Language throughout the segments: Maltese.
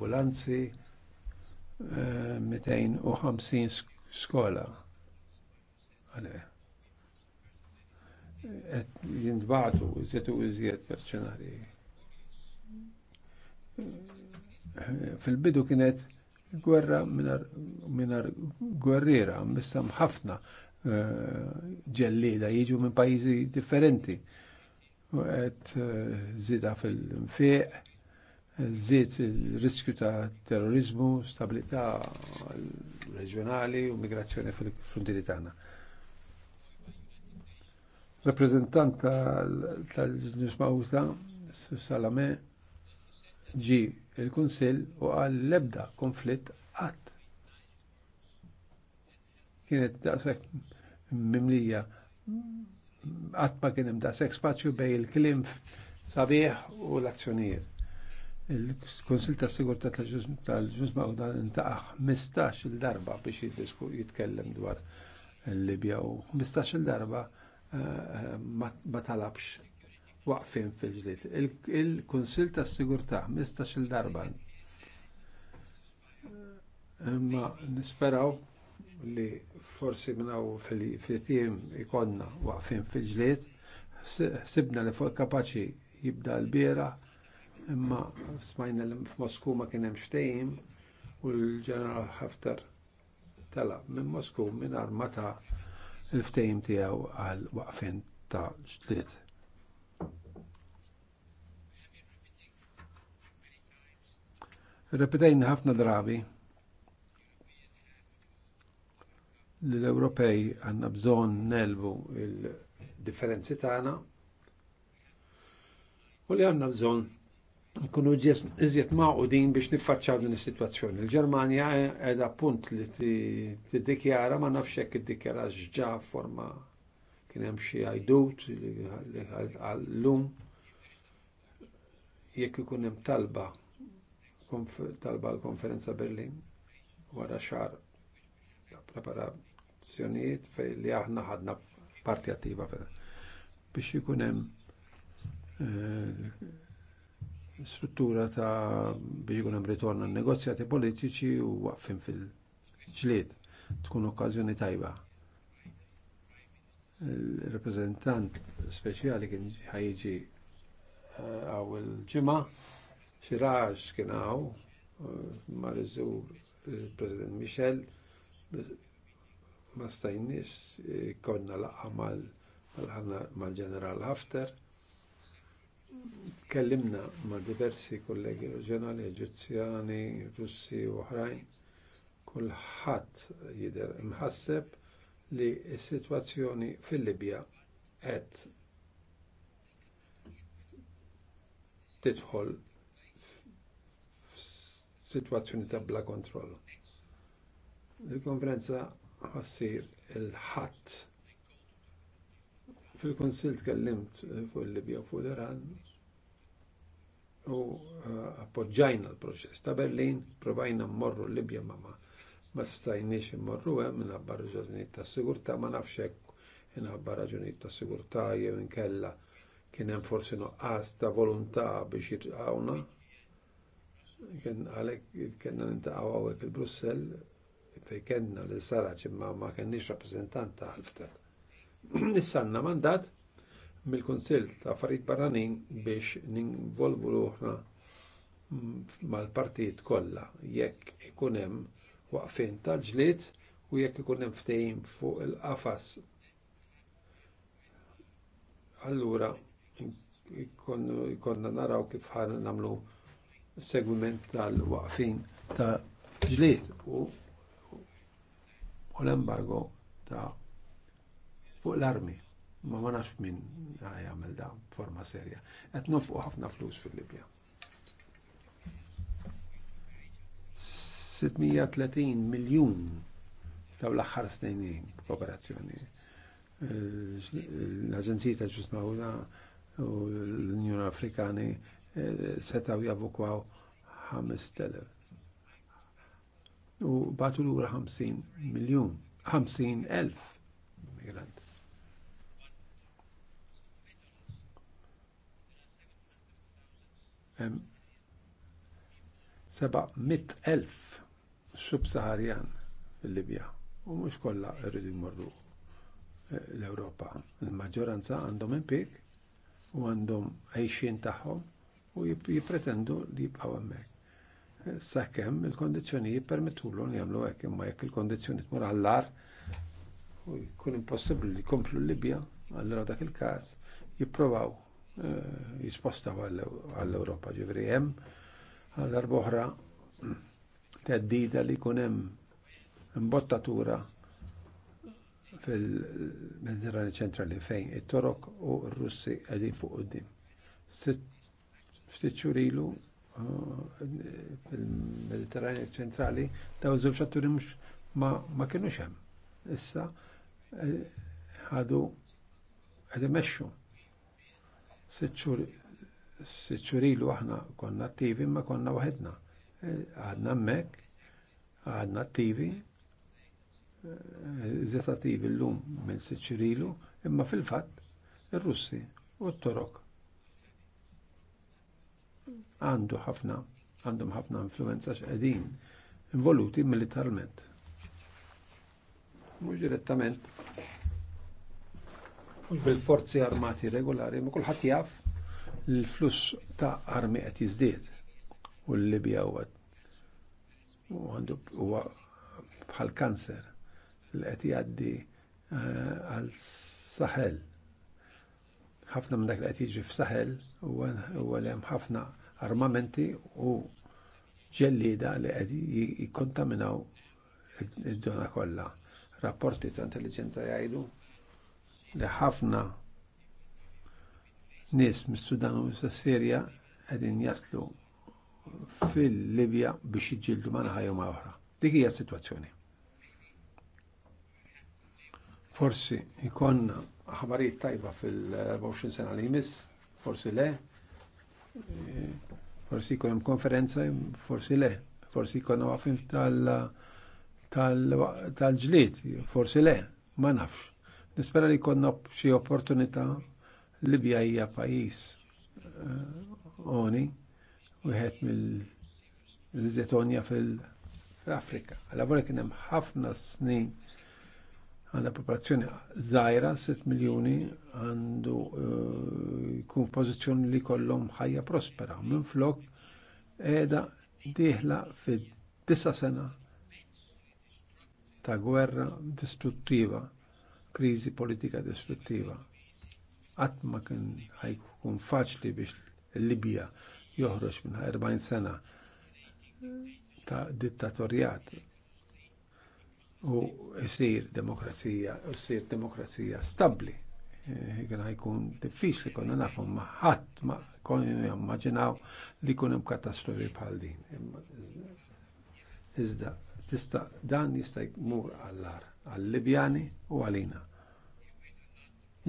ambulanzi, 250 eh, skola. Għale. Et jindbatu, zjetu iżjed perċenari. Fil-bidu kienet gwerra minar gwerriera, missam ħafna eh, ġellida jiġu minn pajizi differenti. Et eh, zida fil-fiq, Zid il-riskju ta' terrorizmu, stabilità reġjonali u migrazzjoni fil-frontieri tagħna. Rappreżentant tal-ġnus Mawta, Salame, ġi il-Kunsill u għal lebda konflitt għat. Kienet sekk mimlija qatt ma kien hemm sekk spazju bejn il klimf sabiħ u l-azzjonijiet il-Konsil ta' Sigurtà tal u dan intaqa' 15 il-darba biex jitkellem dwar il-Libja u 15 il-darba eh, ma talabx waqfin fil-ġlit. Il-Konsil ta' Sigurtà 15 il-darba imma nisperaw li forsi minnaw fil-tiem ikonna waqfin fil-ġlit sibna li fuq kapaċi jibda l-bira Imma smajna li f'Mosku ma kien hemm ftehim u l-ġeneral Haftar tala minn Mosku minn armata l ftejim tiegħu għal waqfin ta' ġdiet. Repetejna ħafna drabi li l-Ewropej għanna bżon nelbu il-differenzi tagħna u li għanna bżon nkunu iżjed maqudin biex niffaċċaw din is-sitwazzjoni. Il-Ġermanja qiegħda punt li tiddikjara ma nafx hekk iddikjara x'ġa forma kien hemm xi għajdut li għallum jekk ikun hemm talba talba l-konferenza Berlin wara xar preparazzjonijiet fej li aħna ħadna parti attiva biex ikun hemm eh, struttura ta' biex ikun hemm ritorn negozjati politiċi u waqfin fil-ġlied tkun okkażjoni tajba. Il-reprezentant speċjali kien ħajġi eh, għaw il-ġimgħa xi raġ kien għaw eh, mar il-President Michel ma stajniex eh, konna laqqa mal-ġeneral Hafter Kellimna ma' diversi kollegi reġjonali, Eġizzjani, Russi u oħrajn, kulħadd jidher imħasseb li s-sitwazzjoni fil-Libja qed tidħol f'sitwazzjoni ta' bla kontroll. Il-konferenza ħassir il-ħadd Fil-Konsil tkellimt eh, fuq il-Libja fuq l-Iran u eh, appoġġajna l-proċess ta' Berlin, provajna mmorru l-Libja ma' ma ma' stajniex immorru hemm minħabba raġunijiet ta' sigurtà ma nafx hekk inħabba raġunijiet ta' sigurtà jew inkella kien hemm forsi noqqas ta' volontà biex jitqawna. Kien għalhekk kellna nintaqgħu hawnhekk il-Brussell fejn kellna lil sara imma ma kenniex rappreżentant ta' ħalftel. Nissanna mandat mill konsil ta' Farid Barranin biex ninvolvu l l-uħna mal-partit kollha jekk ikun hemm waqfin tal-ġlied u jekk ikun hemm ftehim fuq il-qafas. Allura konna naraw kif ħan nagħmlu segwiment tal-waqfin ta' ġlied u l-embargo ta' fuq l-armi. Ma ma nafx min għamil da forma serja. Et nofqu ħafna flus fil-Libja. 630 miljun taw l-axħar snejnin kooperazzjoni. L-Aġenzija ta' ġusma u l-Unjoni Afrikani eh, setaw javukwaw 5000. U batu l-ura 50 miljon, 50.000 elf migrant. 700.000 mit elf sub-Saharjan fil-Libja u mhux kollha rridu jmorru eh, l-Ewropa. Il-maġġoranza għandhom impik u għandhom għajxin tagħhom u jipretendu li jibqaw hemmhekk. Eh, sakemm il-kondizzjoni jippermettulhom jagħmlu hekk imma jekk il kondizjoni tmur għall u jkun impossibbli li jkomplu l-Libja, allura dak il-każ jipprovaw jisposta eh, għall-Europa ġivri jem għall-arboħra teddida li kunem imbottatura fil-Mediterrani ċentrali fejn il torok u r-Russi għedin fuq qoddim. Ftit ilu eh, fil-Mediterrani ċentrali daw żewġ atturi mhux ma kienu xem. Issa għadu eh, qed imexxu Sitxur ilu aħna konna attivi ma konna waħedna. Eh, għadna mek, għadna attivi, zet eh, attivi l-lum minn sitxur ilu, imma fil-fat il-Russi u t-Torok għandu ħafna, għandhom ħafna influenza x'qegħdin involuti militarment. Mhux direttament mhux bil-forzi armati regolari, ma kulħadd jaf l flus ta' armi qed jiżdied u l-Libja huwa għandu huwa bħal kanser li qed jgħaddi għal saħel. Ħafna minn dak li qed jiġi f'saħel huwa li hemm ħafna armamenti u ġellida li qed jikkontaminaw iż-żona kollha. Rapporti ta' intelligenza jgħidu li ħafna nies mis-Sudan u Sirja għedin jaslu fil-Libja biex jiġġieldu ma' ħajjum għawra. Dik hija situazzjoni. Forsi ikonna ħabarijiet tajba fil-24 sena li jmiss, forsi le, forsi jkun hemm konferenza, forsi le, forsi jkun għafim tal-ġlied, forsi le, ma nafx. Nispera li konna xi opportunità Libja hija pajjiż eh, oni wieħed mill-Zetonja fil-Afrika. Għalla vola kien hemm ħafna snin għandha popolazzjoni żgħira 6 miljuni għandu eh, jkun f'pożizzjoni li jkollhom ħajja prospera. Minn flok qiegħda dieħla fid-disa sena ta' gwerra distruttiva kriżi politika distruttiva. Qatt ma kien ħajkun faċli biex Libja joħroġ minn 40 sena ta' dittatorjat u jisir demokrazija, u jisir demokrazija stabli. Għan eh, ħajkun diffiċli konna nafum maħat ma konna jammaġinaw li kunem katastrofi bħal din. Iżda, tista' dan jista' jmur għallar għall-Libjani u għalina.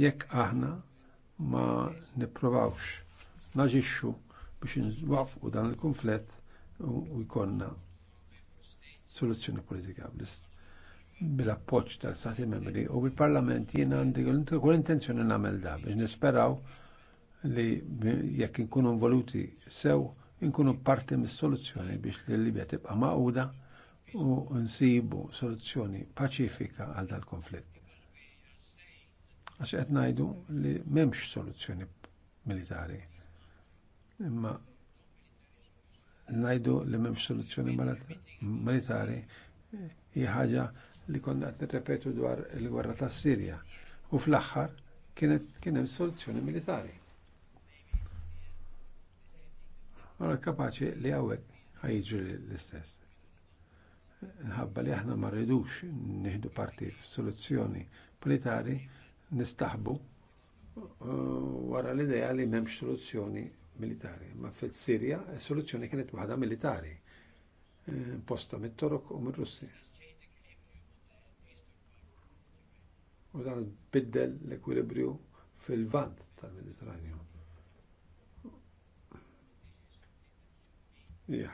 Jekk aħna ma niprovawx naġixxu biex nwafqu dan il-konflett u jkonna soluzzjoni politika bil-appoċ tal-Stati membri u bil-Parlament jiena għandi kull intenzjoni nagħmel da biex nisperaw li jekk inkunu involuti sew inkunu parti mis-soluzzjoni biex l-Libja tibqa' maquda u nsibu soluzzjoni paċifika għal dal-konflitt. Għax qed ngħidu li m'hemmx soluzzjoni militari. Imma ngħidu li m'hemmx soluzzjoni militari hija ħaġa li konna qed nirrepetu dwar il-gwerra tas-Sirja. U fl-aħħar kienet kien hemm soluzzjoni militari. Ora kapaċi li hawnhekk ħajġri l-istess nħabba li aħna ma rridux nieħdu parti f'soluzzjoni militari nistaħbu uh, wara l-idea li m'hemmx soluzzjoni militari. Ma fil-Sirja soluzzjoni kienet waħda militari imposta eh, mit-Torok u mir-Russi. U dan biddel l-ekwilibrju fil-vant tal-Mediterranju.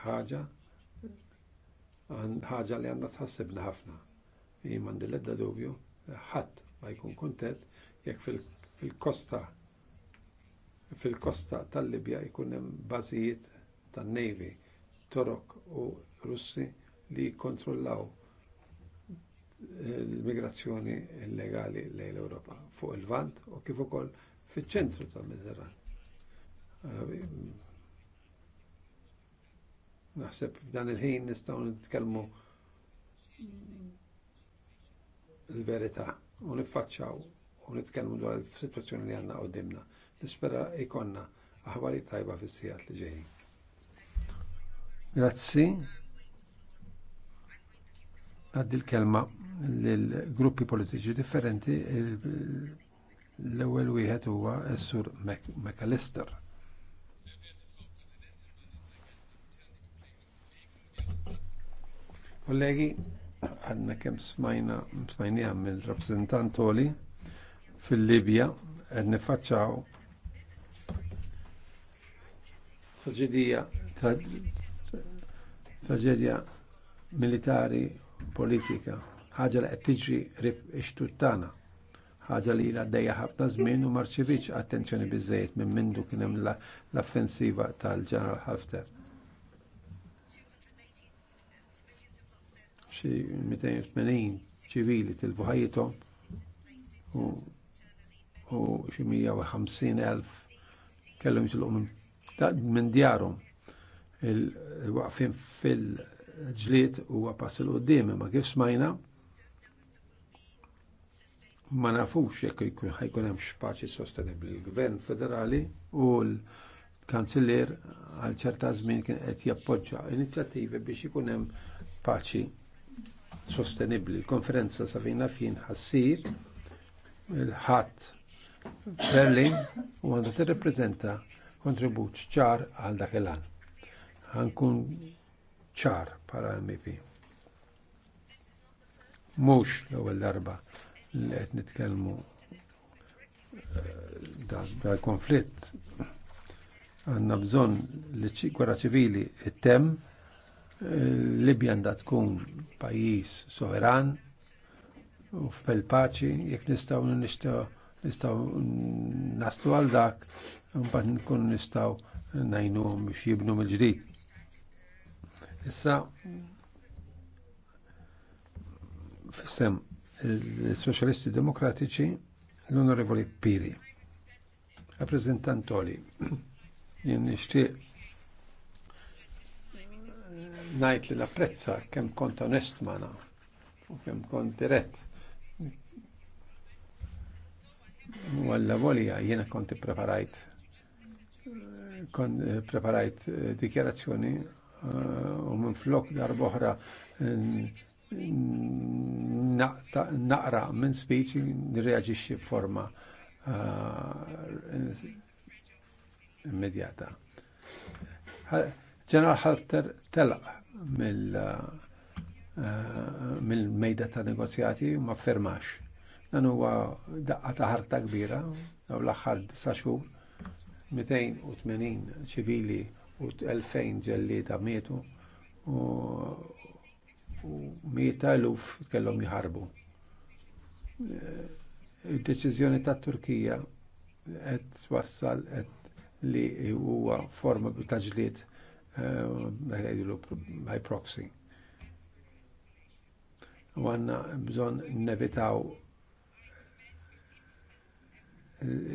Ħaġa ħaġa li għandha tħassibna ħafna. Jien m'għandi l-ebda dubju, ħadd ma jkun kuntent jekk fil-kosta fil-kosta tal-Libja jkun hemm bażijiet tan-Navy, Torok u Russi li jikkontrollaw eh, l-migrazzjoni illegali lejn l-Ewropa fuq il-Vant u kif ukoll fiċ-ċentru tal-Mediterran eh, Naħseb f'dan il-ħin nistgħu nitkellmu l-verità u niffaċċaw u nitkellmu dwar il situazzjoni li għandna qudiemna. Nispera ikonna aħbarijiet tajba fis-sigħat li ġejjin. Grazzi. Għaddi l-kelma l-gruppi politiċi differenti l-ewwel wieħed huwa s-sur McAllister. Kollegi, għadna kem smajna, smajnija mill rappresentantoli fil-Libja, għadna nifacċaw traġedija, traġedija militari politika, ħagġa li qed tiġri rib ixtuttana ħaġa li għaddejja ħafna żmien u marċeviċ attenzjoni bizzejt minn mindu kien hemm l-offensiva tal-ġeneral Hafter. xi 280 ċivili tilfu ħajjithom u u xi 150 elf kellhom jitilqu minn djarhom il-waqfin fil-ġlied huwa passil il qudiem ma kif smajna ma nafux jekk ħajkun hemm x'paċi sostenibbli. Il-Gvern Federali u l-Kanziller għal ċerta żmien kien qed jappoġġja inizjattivi biex ikun hemm paċi sostenibli. Konferenza safina fin ħassir il-ħadd Berlin u t-reprezenta kontribut ċar għal dak Għankun ċar para MP. Mux l-ewwel darba li qed nitkellmu eh, dal-konflitt għanna bżon li gwerra ċivili it-tem Libja da tkun pajis soveran u fil paċi jekk nistgħu nistaw naslu għal dak un bat nkun nistaw najnu biex jibnu mill Issa fissem il socialisti Demokratiċi l-Onorevoli Piri, rappresentantoli, jen nishtiq najt li napprezza kemm kont onest mana u kemm kont dirett. għalla volja jiena konti eh, preparajt kon preparajt eh, dikjarazzjoni eh, u minn flok darboħra naqra minn speech nirreagġixxi b'forma immedjata. Ġeneral Halter telaq mill-mejda uh, ta' negozjati ma fermax. Dan huwa daqqa ta' ħarta kbira, daw l-aħħar disa xhur, 280 ċivili u 2000 ġellieda mietu u mieta eluf kellhom jħarbu. il deċiżjoni ta' Turkija qed wassal qed li huwa forma ta' ġlied ħajdilu eh, uh, by proxy. U għanna bżon nevitaw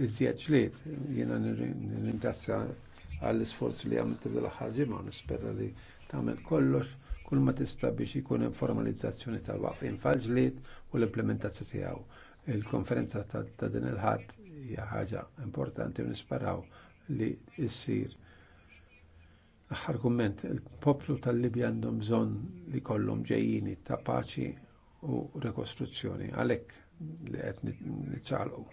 iżjed ġliet. Jena nirringrazzja għall-isforz li għamilt l-aħħar nispera li tagħmel kollox kull ma tista biex ikun hemm formalizzazzjoni tal-waqfin fal-ġlied u l-implementazzjoni tiegħu. Il-konferenza ta' din il-ħadd hija ħaġa importanti u nisperaw li issir Argument, il-poplu tal-Libja għandhom bżonn li kollhom ġejjini ta' paċi u rekostruzzjoni, għalhekk li qed niċċaqlqu.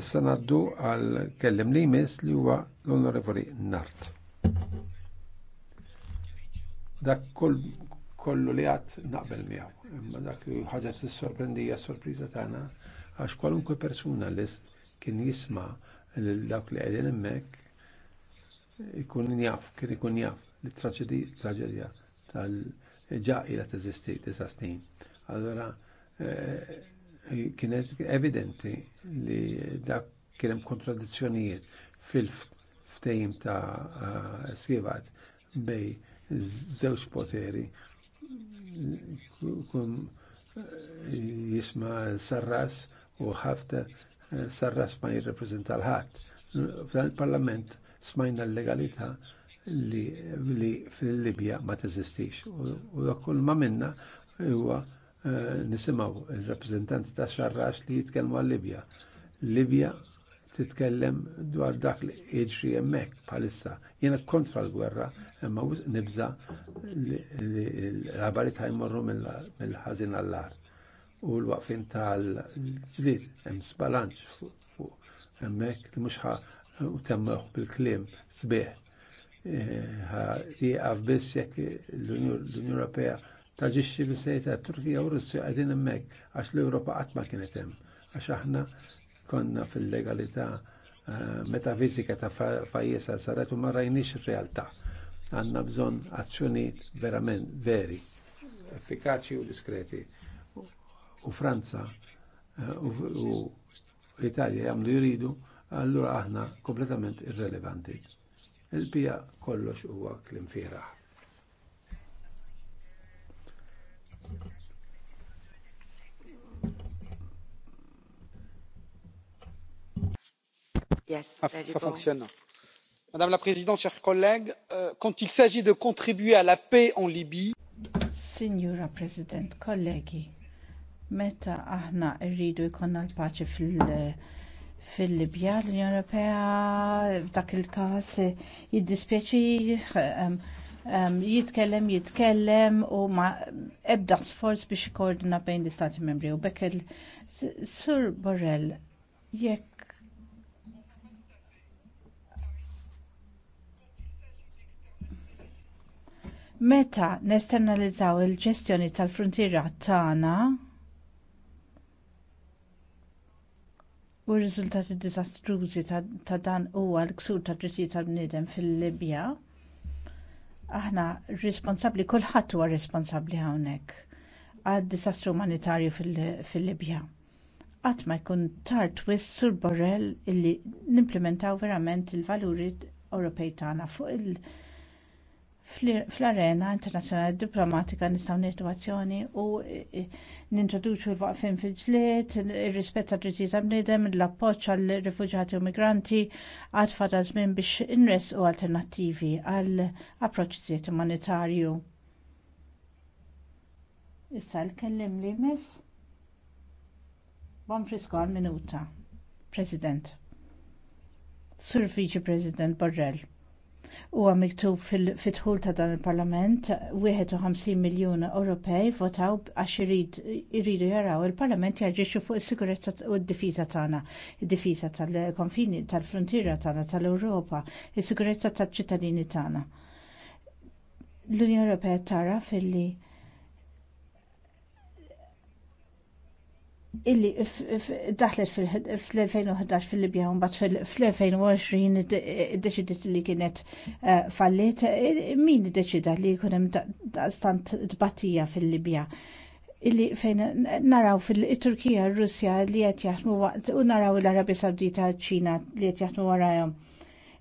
Issa naddu għal kellim li jmiss li huwa l-Onorevoli Nart. Dak kollu li għat naqbel miegħu, imma dak li ħaġa tissorprendija sorpriża tagħna għax kwalunkwe persuna li kien jisma' lil dawk li qegħdin hemmhekk ikun njaf, kien ikun njaf li traġedija tal-ġaqi la teżisti disa snin. Allora, eh, kienet evidenti li dak kienem kontradizzjonijiet fil-ftejm ta' eh, sivat bej zewġ poteri kun eh, jisma Sarras u ħafta Sarras ma jirreprezenta l ħat F'dan il-parlament smajna l-legalità li, li fil-Libja ma teżistix. U kull ma minna huwa eh, nisimaw il-rappresentanti ta' xarrax li jitkellmu għal-Libja. Libja titkellem dwar dak li jiġri hemmhekk bħalissa. Jiena kontra l-gwerra, imma nibza li l-ħabarit ħajmorru mill ħazin għall-ar. U l-waqfin tal ġlid hemm sbalanċ fuq hemmhekk li muxħa u temmuħ bil-klim sbieħ. Jieqaf eh, biss jekk l-Unjoni Ewropea taġixxi bis-sejta Turkija u Russja qegħdin hemmhekk għax l-Ewropa qatt ma kienet hemm. Għax aħna konna fil-legalità eh, metafizika ta' fajjesa saret u ma rajniex ir-realtà. Għandna bżonn azzjonijiet verament veri, effikaċi u diskreti. U Franza eh, u l-Italja jagħmlu jridu allura aħna kompletament irrelevanti. Il-bija kollox huwa klim firaħ. Yes, ça fonctionne. Madame la Présidente, chers collègues, euh, quand il s'agit de contribuer à la paix en Libye. Signora President, kollegi, meta aħna rridu jkollna l-paċi fil- fil-Libja l-Unjoni Ewropea f'dak il-każ jiddispjaċi ehm, ehm, jitkellem jitkellem u ma ebda sforz biex ikkoordina bejn l-Istati Membri u bekk il-Sur Borrell jekk Meta nesternalizzaw il-ġestjoni tal-frontiera tagħna U r-riżultati diżastrużi ta' dan huwa l-ksur ta' drittijiet tal-bniedem fil-Libja. Aħna responsabbli, kulħadd huwa responsabbli hawnhekk għad disastru umanitarju fil-Libja. Qatt ma jkun tard wis sur Borrell illi nimplementaw verament il-valuri Ewropej tagħna fuq il-, -il fl-arena internazzjonali diplomatika nistgħu nieħdu azzjoni u e, e, nintroduċu l-waqfin fil-ġlied, ir-rispett tad drittijiet tal-bniedem, l-appoġġ għall rifuġjati u migranti, għad fada żmien biex inresqu alternattivi għal approċċijiet umanitarju. Issa l-kellim li miss frisko għal minuta. President. Sur Vice President Borrell huwa miktub fil-fitħul ta' dan il-Parlament 51 miljun Ewropej votaw għax iridu jaraw il-Parlament jaġixxu fuq is-sigurezza u d-difiża tagħna, id-difiża tal-konfini tal-frontiera tagħna tal-Ewropa, is-sigurezza tal-ċittadini tagħna. L-Unjoni Ewropea tara filli illi daħlet fil-2011 fil-Libja un bat fil-2020 deċidit li kienet eh, fallit. Eh, min deċida li kunem stant tbattija fil-Libja? illi fejn naraw fil-Turkija, Russja li qed jaħdmu waqt u naraw l-Arabja Sawdita ċina li qed jaħdmu warajhom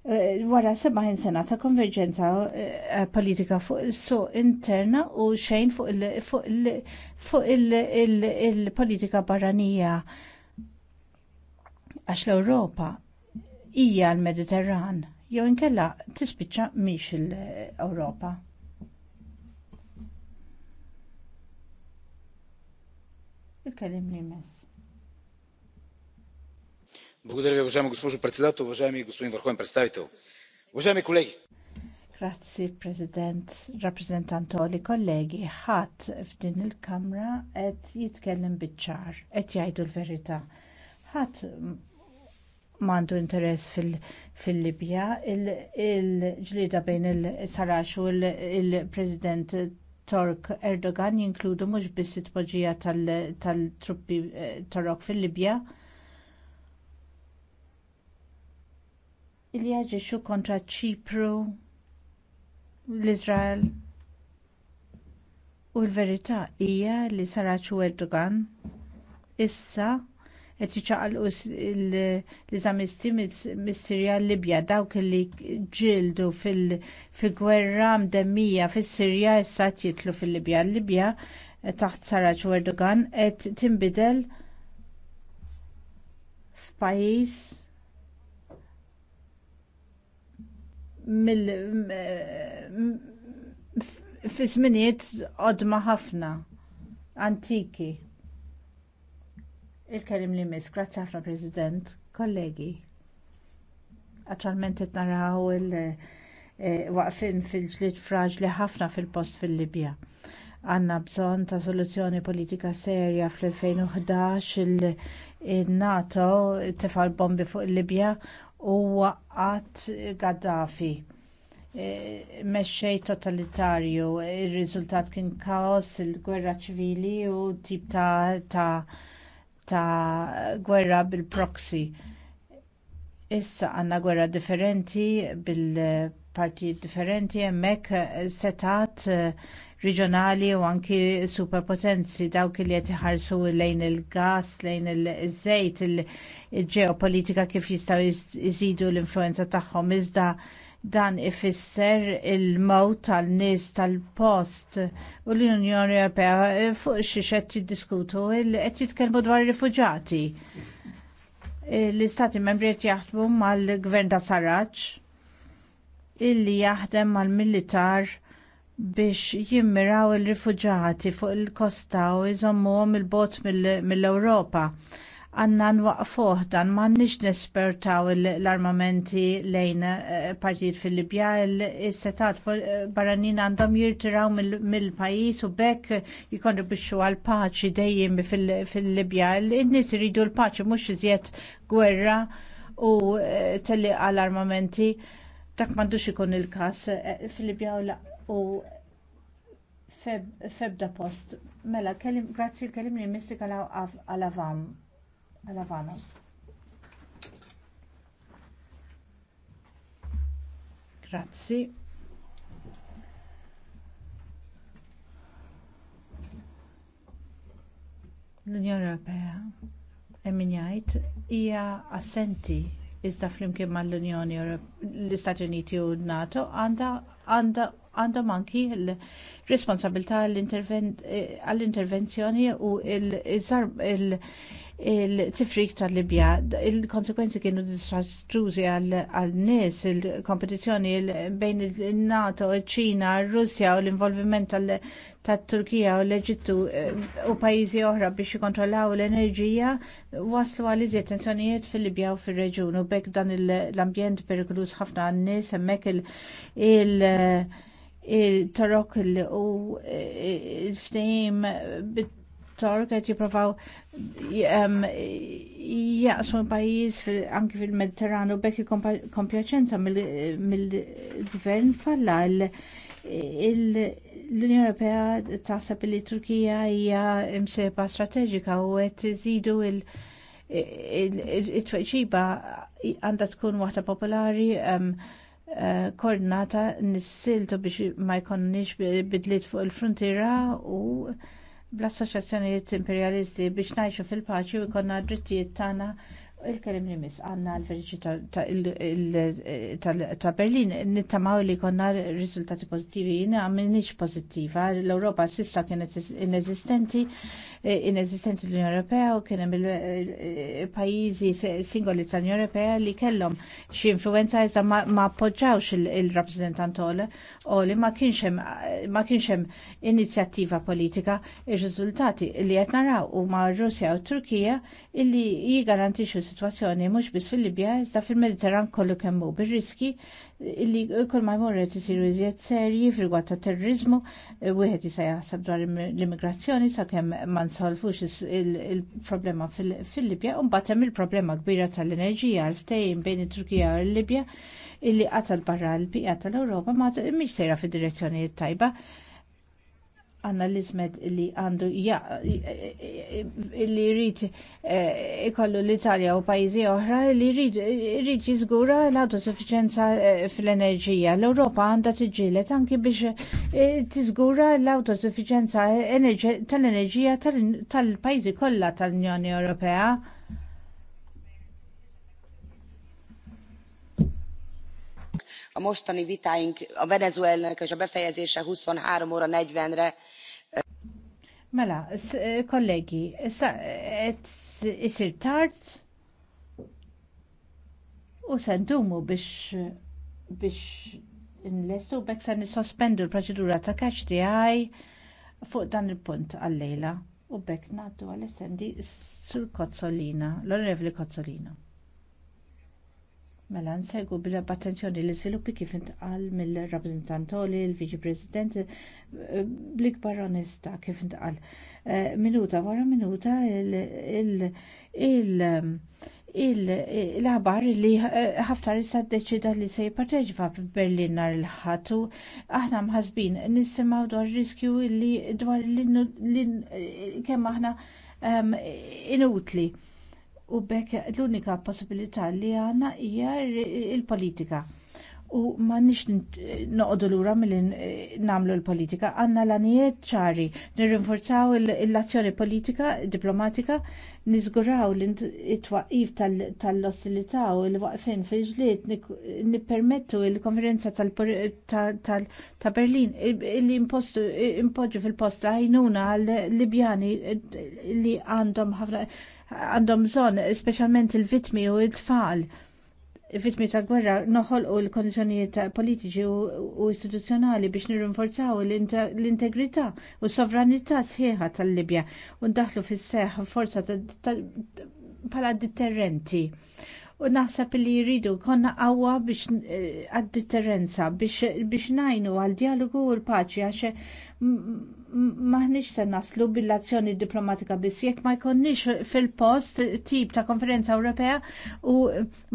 Eh, wara 70 sena ta' konverġenza eh, eh, politika fuq il-so interna u xejn fuq il-politika barranija għax l-Europa hija l-Mediterran jew inkella tispiċċa miex l-Europa. Il-kelim li mess. Благодаря ви, уважаема госпожо председател, уважаеми господин върховен представител. Уважаеми колеги! Grazzi, President, rappresentantoli, kollegi, ħadd f'din il-Kamra qed jitkellem biċ-ċar, qed jgħidu l-verità. Ħadd m'għandu interess fil-Libja, il-ġlieda bejn il-Sarax u il-President Tork Erdogan jinkludu mhux biss it-tpoġġija tal-truppi Torok fil-Libja, il jaġixxu kontra ċipru, l-Izrael. U l-verità hija li Saraċu Erdogan issa qed jiċaqalqu l-iżamisti mis-Sirja Libja dawk li ġildu fil-gwerra mdemmija fis-Sirja issa jitlu fil-Libja. Libja taħt Sarraj Erdogan qed tinbidel f'pajjiż fi żminijiet qodma ħafna antiki. Il-kelim li miss, grazzi ħafna President, kollegi. Attualment qed naraw il-waqfin eh, fil-ġlid fraġli ħafna fil-post fil-Libja. Għanna bżonn ta' soluzzjoni politika serja fl-2011 il-NATO tefal bombi fuq il-Libja u għat Gaddafi. E, mexxej totalitarju, il riżultat kien kaos, il-gwerra ċivili u tip ta', ta, ta gwerra bil-proxy. Issa għandna gwerra differenti bil-partijiet differenti hemmhekk setat reġjonali u anki superpotenzi dawk li qed iħarsu lejn il-gas, lejn il-żejt, il-ġeopolitika kif jistgħu jżidu l-influenza tagħhom iżda dan ifisser il-mowt tal-nies tal-post u l-Unjoni Ewropea fuq xi qed jiddiskutu qed jitkellmu dwar ir-rifuġati. L-istati membri qed jaħdmu mal-gvern ta' Sarraġ illi jaħdem mal-militar biex jimmiraw il-rifugġati fuq il-kosta u jżommuhom il-bot mill-Ewropa. Għanna nwaqfuh dan m'għandniex nespertaw l-armamenti lejn eh, partijiet fil-Libja, il-setat barranin għandhom jirtiraw mill-pajis u bekk biexu għal paċi dejjem fil-Libja. Il-nies iridu l-paċi mhux iżjed gwerra u eh, telli għal armamenti. Dak m'għandux ikun il-każ eh, fil-Libja u la' u feb, febda post. Mela, kelim, grazzi l-kelim li mistik għal-avam, għal-avanos. Grazzi. l-Unjoni Ewropea eminjajt, ija hija assenti iżda flimkien mal-Unjoni l-Istati Uniti u nato għandha għandhom anki l-responsabilità eh, għall-intervenzjoni u il-tifrik tal-Libja. Il-konsekwenzi kienu distrastruzi għal-nies, il-kompetizjoni bejn il-NATO, il-ċina, il-Russja u l-involviment tal-Turkija u l-Eġittu eh, u pajizi oħra biex jikontrollaw l-enerġija waslu għal iżjed tensjonijiet fil-Libja u fil-reġun u bekk dan l-ambjent perikolus ħafna għal nies hemmhekk il- il-torok u il-ftejim bit-torok għet jiprofaw um, jaqsmu pajis anki fil u bekki kompjaċenza mill-gvern falla l unjon Ewropea taħseb li Turkija hija mseba strateġika u qed iżidu il-tweġiba għandha tkun waħda popolari um, Eh, koordinata nissiltu biex ma jkonniex bidliet fuq il-frontiera u bl-assoċjazzjonijiet imperjalisti biex najxu fil-paċi u jkollna d-drittijiet tagħna Il-kelim li mis għanna l-verġi ta' Berlin, nittamaw li konna rizultati pozitivi, jina għamilniċ pozittiva. L-Europa sissa kienet inesistenti, eh, inesistenti l-Unjon Europea u kienem il-pajizi eh, singoli tal-Unjon Europea li kellom xie influenza jizda ma' appoġġawx il-rappresentant oli ma' kienxem inizjattiva politika. Il-rizultati li jatnaraw u ma' Russia u Turkija illi jigarantixu situazzjoni sitwazzjoni mhux biss fil-Libja iżda fil-Mediterran kollu kemm hu bir-riski li kull ma jmur qed isiru iżjed serji fil-gwatt ta' terrorizmu wieħed jista' jaħseb dwar l-immigrazzjoni sakemm ma nsolfux il-problema fil-Libja u mbagħad hemm il-problema kbira tal-enerġija għal-ftehim bejn it-Turkija u l-Libja illi qatal barra l bija tal-Ewropa ma mhix sejra fid-direzzjoni tajba għanna l ismet li għandu li rrit eh, ikollu l-Italja u pajizi oħra li rrit jizgura l suffiċenza eh, fil-enerġija. L-Europa għanda tġilet anki biex eh, tizgura l suffiċenza tal-enerġija tal-pajizi kollha tal-Unjoni Ewropea a mostani vitáink a venezuelának és a befejezése 23 óra 40 re Mela, eh, kollegi, eh, isir tard u sendumu biex biex nlestu bekk se nisospendu l-proċedura ta' kaċ tiegħi fuq dan il-punt għallejla u bek naddu għal-essendi sur Kozzolina, l-onorevoli Kozzolina. Mela nsegwu b'attenzjoni l-iżviluppi kif intqal mill-rappreżentantoli l-Viċi President bl-ikbar onesta kif intqal. Eh, minuta wara minuta il-ħabar li ħaftar eh, issa ddeċida li se jipparteċipa f'Berlin nhar il-ħatu, aħna mħasbin nisimgħu dwar riskju li dwar li eh, kemm aħna ehm, inutli u bekk l-unika possibilità li għandna hija il-politika u ma nix noqdu l-ura mill namlu l-politika, għanna l-anijiet ċari, nirrinforzaw l-azzjoni politika, diplomatika, niżguraw it-twaqif tal-ostilità u l-waqfin fi ġlied nippermettu l-konferenza ta' Berlin li impoġġu fil-post għajnuna għal-Libjani li għandhom għandhom bżonn, speċjalment il-vitmi u t tfal vittmi ta' gwerra noħolqu l-kondizjonijiet politiċi u istituzzjonali biex nirrinforzaw l-integrità u s-sovranità sħiħa tal-Libja u ndaħlu fis seħħ forza bħala deterrenti. U naħseb li jridu konna qawwa biex eh, għad-deterrenza biex najnu għal dialogu u l-paċi għaxe maħniċ se naslu bil-azzjoni diplomatika biss jekk ma jkonniex fil-post tip ta' konferenza Ewropea u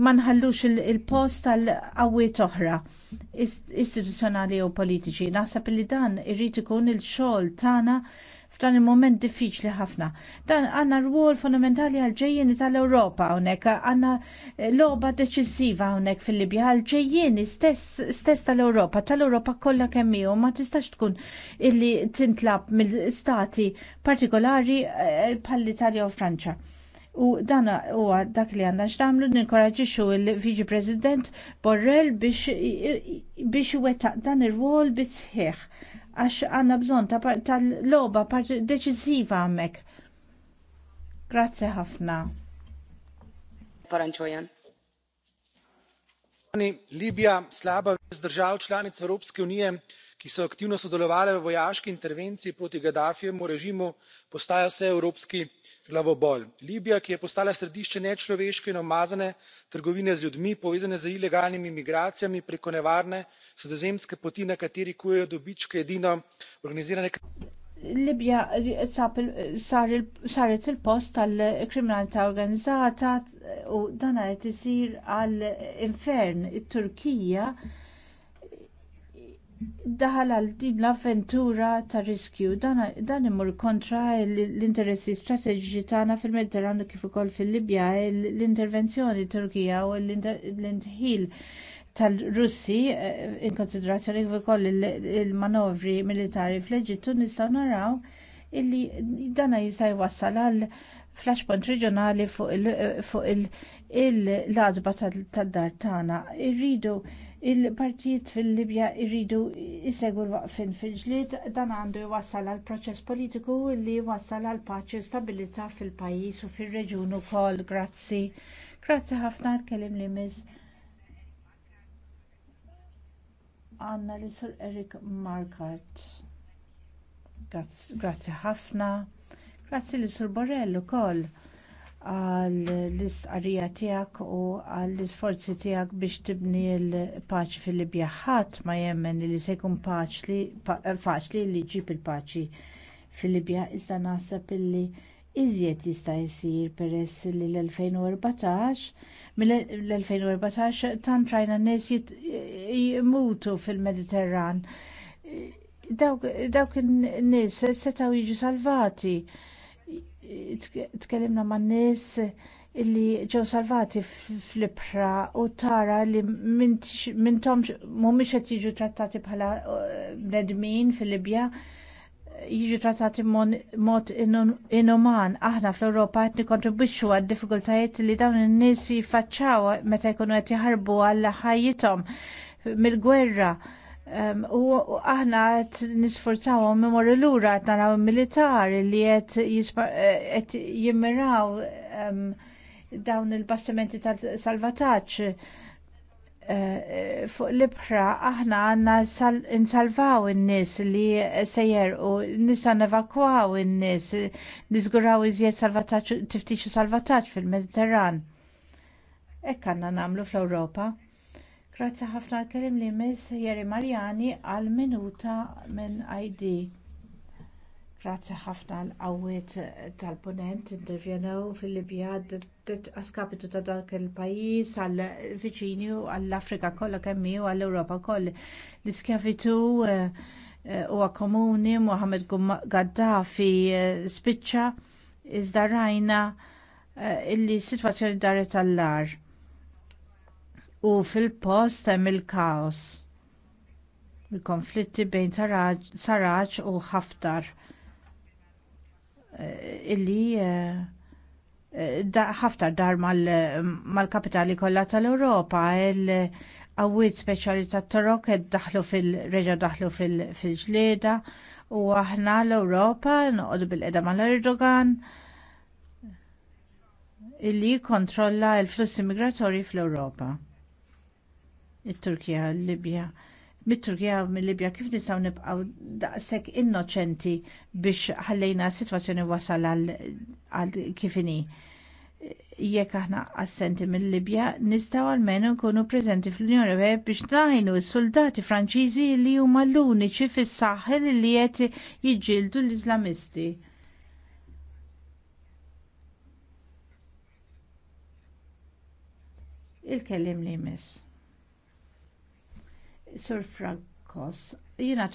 ma nħallux il-post tal qawwiet oħra istituzzjonali u politiċi. Naħseb li dan irrit ikun il-xogħol tagħna f'dan il-moment diffiċli ħafna. Dan għanna rwol fondamentali għal-ġejjeni tal-Europa hawnhekk, għanna eh, loba deċisiva hawnhekk fil-Libja għal-ġejjeni stess tal-Europa, tal-Europa kollha kemm u ma tistax tkun illi tintlab mill-stati partikolari bħall-Italja eh, u Franċa. U dan huwa dak li għandna x'damlu ninkoraġixxu l-Viċi President Borrell biex biex wettaq dan ir-rwol bisħiħ għax għanna bżon ta', tal-loba par deċiziva għamek. Grazie ħafna. Paranċojan. Għani, Libja slaba zdrġaw ċlani članic unijem ki so aktivno sodelovale v vojaški intervenciji proti Gaddafijemu režimu, postaja evropski glavobol. Libija, ki je postala središče nečloveške in omazane trgovine z ljudmi, povezane z ilegalnimi migracijami preko nevarne sredozemske poti, na kateri kujejo dobičke edina organizirane. Libja eh, saret il-post tal-kriminalità organizzata eh, u dan qed isir għall-infern it-Turkija daħal għal din l-avventura ta' riskju dan imur kontra l-interessi strateġiċi tagħna fil-Mediterranu kif ukoll fil-Libja l-intervenzjoni Turkija u l-intħil tal-Russi eh, in konsiderazzjoni kif ukoll il-manovri militari fl-Eġittu nistgħu naraw illi dana jista' jwassal għal flashpoint reġjonali fuq il-ladba tad-dar tagħna. Irridu il-partijiet fil-Libja irridu jisegwu waqfin fil-ġlied dan għandu jwassal għal proċess politiku li jwassal għal paċi u stabilità fil-pajjiż u fir-reġjun ukoll. Grazzi. Grazzi ħafna għal kelim li miss għanna li sur Erik Markart. Grazzi ħafna. Grazzi li sur Borrell ukoll għal l istqarija tiegħek u għall l-isforzi tiegħek biex tibni l-paċi fil-Libja ħadd ma jemmen li se jkun faċli li jġib il-paċi fil-Libja iżda naħseb illi iżjed jista' jsir peress li l-2014 mill-2014 tant n nies jmutu fil-Mediterran. Dawk in-nies setgħu jiġu salvati. Tkellimna man nies illi ġew salvati fl-ibra u tara li mintom mhumiex qed jiġu trattati bħala eh, bnedmin fil-Libja jiġu trattat mod inuman. Aħna fl-Europa qed nikontribwixxu għad diffikultajiet li dawn in-nies jiffaċċaw meta jkunu qed jaħarbu għal ħajjithom mill-gwerra. Ehm, u aħna qed nisforzawhom imorru lura qed naraw militari li qed eh, jimmiraw ehm, dawn il-bastimenti tal-salvataġġ fuq l-ibħra aħna għanna nsalvaw in-nies li sejjer u nisa nevakwaw in-nies niżguraw iżjed salvataġġ tiftixu salvataġġ fil-Mediterran. Ekk għandna nagħmlu fl-Ewropa. Grazzi ħafna kelim li miss Jeri Marjani għal minuta minn ID. Grazzi ħafna l-qawwiet tal-ponent intervjenew fil-Libja għaskapitu ta' dak il-pajis, għal-viċini, għall-Afrika kollha kemmi u għall-Europa kolla. l iskjavitu eh, eh, huwa komuni Muhammad Gaddafi eh, spiċċa iżda rajna illi situazzjoni daret tal-lar. U fil-post hemm il-kaos. Il-konflitti bejn Saraġ u Haftar illi ħaftar dar mal-kapitali kollha tal-Ewropa il għawit speċjali ta' torok daħlu fil-reġa daħlu fil-ġlieda u aħna l-Ewropa noqogħdu bil-qeda mal-Erdogan illi kontrolla l-flussi migratorji fl-Ewropa. It-Turkija, l-Libja mit-Turkija u mill-Libja kif nistgħu nibqgħu daqshekk innoċenti biex ħallejna sitwazzjoni wasal għal kifini. Jekk aħna assenti mill-Libja, nistgħu għalmen nkunu preżenti fl-Unjoni Ewropea biex naħinu s-soldati Franċiżi li huma l-uniċi fis-saħħel li qed jiġġieldu l-Iżlamisti. Il-kellim li jmiss. Sur Frankos, jina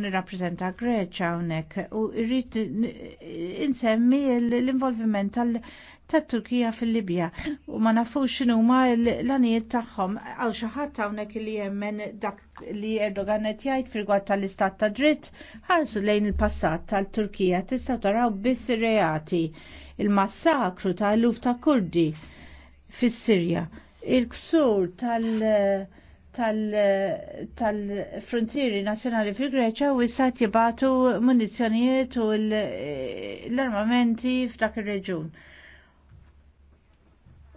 nirrapprezenta Greċa unek u rrit insemmi l-involviment tal-Turkija fil-Libja u ma nafux xinu ma l-anijiet taħħom għaw xaħat unek li jemmen dak li Erdogan et jajt tal-istat ta' dritt ħarsu lejn il-passat tal-Turkija tistaw taraw biss reati il-massakru tal-luf ta' kurdi fis-Sirja il-ksur tal- uh, tal-frontieri nazjonali fil greċja u jissat jibatu munizjonijiet u l-armamenti f'dak ir-reġun.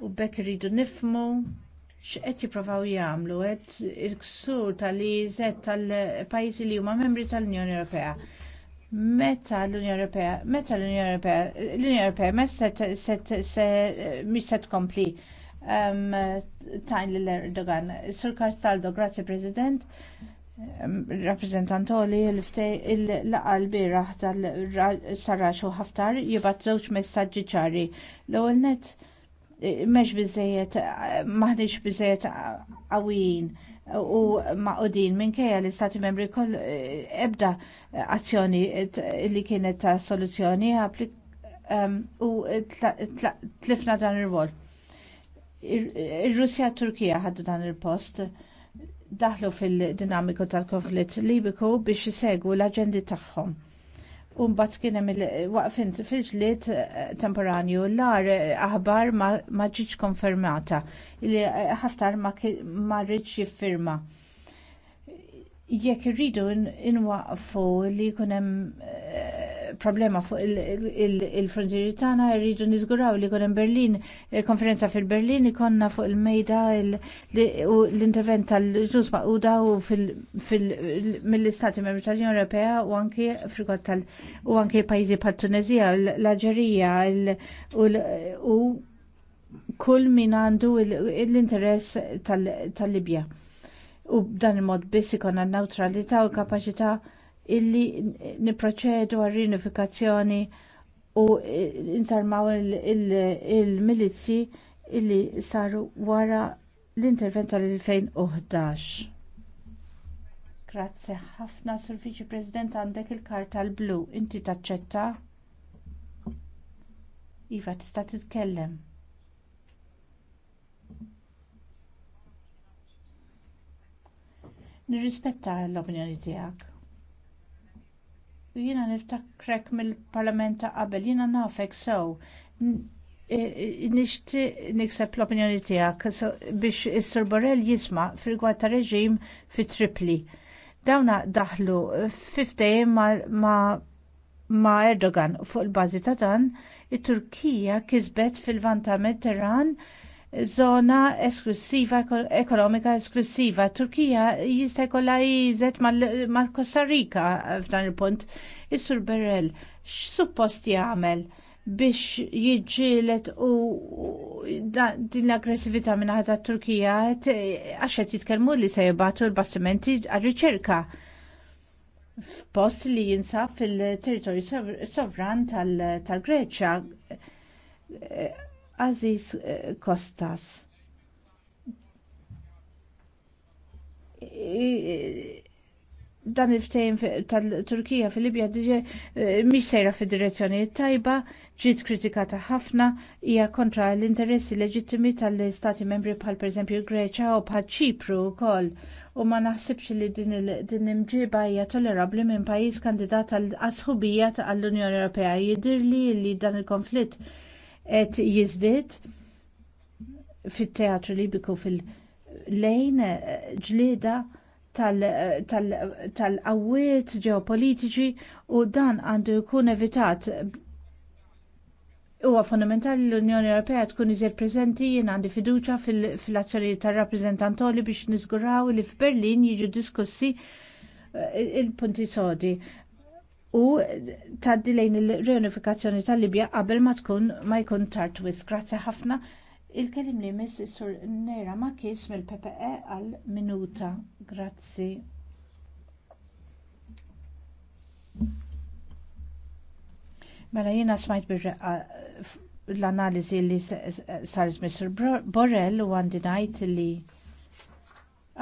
U bekk irridu nifmu x'qed jippruvaw jagħmlu qed il-ksur tal-IZ tal-pajjiżi li huma membri tal-Unjoni Ewropea. Meta l-Unjoni Ewropea, meta l-Unjoni Ewropea, l-Unjoni Ewropea meta se mhix se tkompli tajn l-Erdogan. Sur Karzaldo, grazie President l-ftej il-laqal biraħ tal-sarraċ u ħaftar jibat zewċ messagġi ċari. l għol net, e, meċ bizzejiet, maħdiċ bizzejiet għawin u maqodin minn kajja li stati membri koll e, ebda azzjoni li kienet ta' soluzzjoni u tlifna dan ir-rwol Ir-Russja Turkija ħaddu dan il-post daħlu fil-dinamiku tal-konflitt Libiku biex jisegwu l-aġendi tagħhom. mbagħad kien hemm waqfin fil-ġlied eh, temporanju l-ar aħbar ma ġiġ konfermata li ħaftar ma rridx jiffirma. Jekk irridu inwaqfu li jkun hemm problema fuq il-frontieri il, il tagħna rridu niżguraw li jkun hemm Berlin eh, konferenza fil-Berlin ikonna fuq il-mejda u l-intervent tal-ġus maquda u mill-Istati Membri tal-Unjoni Ewropea u anke frikot tal- u anke pajjiżi pat-Tunezija, l-Aġerija u kull min għandu l-interess tal-Libja. u b'dan il-mod biss ikonna newtralità u kapaċità illi niproċedu għal rinifikazzjoni u insarmaw il-milizzi illi saru wara l-intervent tal-2011. Grazzi ħafna sur Viċi President għandek il-karta l-blu. Inti taċċetta? Iva, tista' titkellem. Nirrispetta l-opinjoni tiegħek. Jiena niftakrek mill-parlament ta' qabel, jiena nafek sew. E- e- nishti nikseb l-opinjoni tiegħek biex is-Sur Borrell jisma' fil-gwad ta' reġim fi Tripli. Dawna daħlu fiftejn ma' ma' Erdogan fuq il-bażi ta' dan, it-Turkija kisbet fil-Vanta Mediterran zona esklusiva, ekonomika esklusiva. Turkija jista' jkollha jiżet mal-Kosta Rika eh, f'dan il-punt. Is-Sur Berrell, x'suppost jagħmel biex jiġġielet u din l-aggressività minn ħata Turkija eh, għax qed jitkellmu li se jibgħatu l-bastimenti għar-riċerka f'post li jinsab fil-territorju sovran tal-Greċja eh, Aziz eh, Kostas. Dan il-ftejn tal-Turkija fil-Libja eh, mhix sejra fid-direzzjoni tajba, ġit kritikata ħafna, hija kontra l-interessi leġittimi tal-Stati membri bħal pereżempju Greċja u bħal Ċipru wkoll u ma naħsibx li din l-imġiba hija tolerabbli minn pajjiż kandidat għal asħubija għall-Unjoni Ewropea. Jidir li li dan il-konflitt et jizdit fit-teatru libiku fil-lejn eh, ġlida tal eh, awiet ġeopolitiċi u dan għandu jkun evitat huwa fondamentali l-Unjoni Ewropea tkun iżjed preżenti jien għandi fiduċa fil-azzjoni tar-rappreżentantoli biex niżguraw li f'Berlin jiġu diskussi eh, il-punti sodi u tgħaddi lejn il-reunifikazzjoni tal-Libja qabel ma tkun ma jkun tard wisq. Grazzi ħafna. Il-kelim li miss sur Nera ma kis mill-PPE għal minuta. Grazzi. Mela jiena smajt bir l-analiżi li saret Mr. Borrell u għandi ngħid li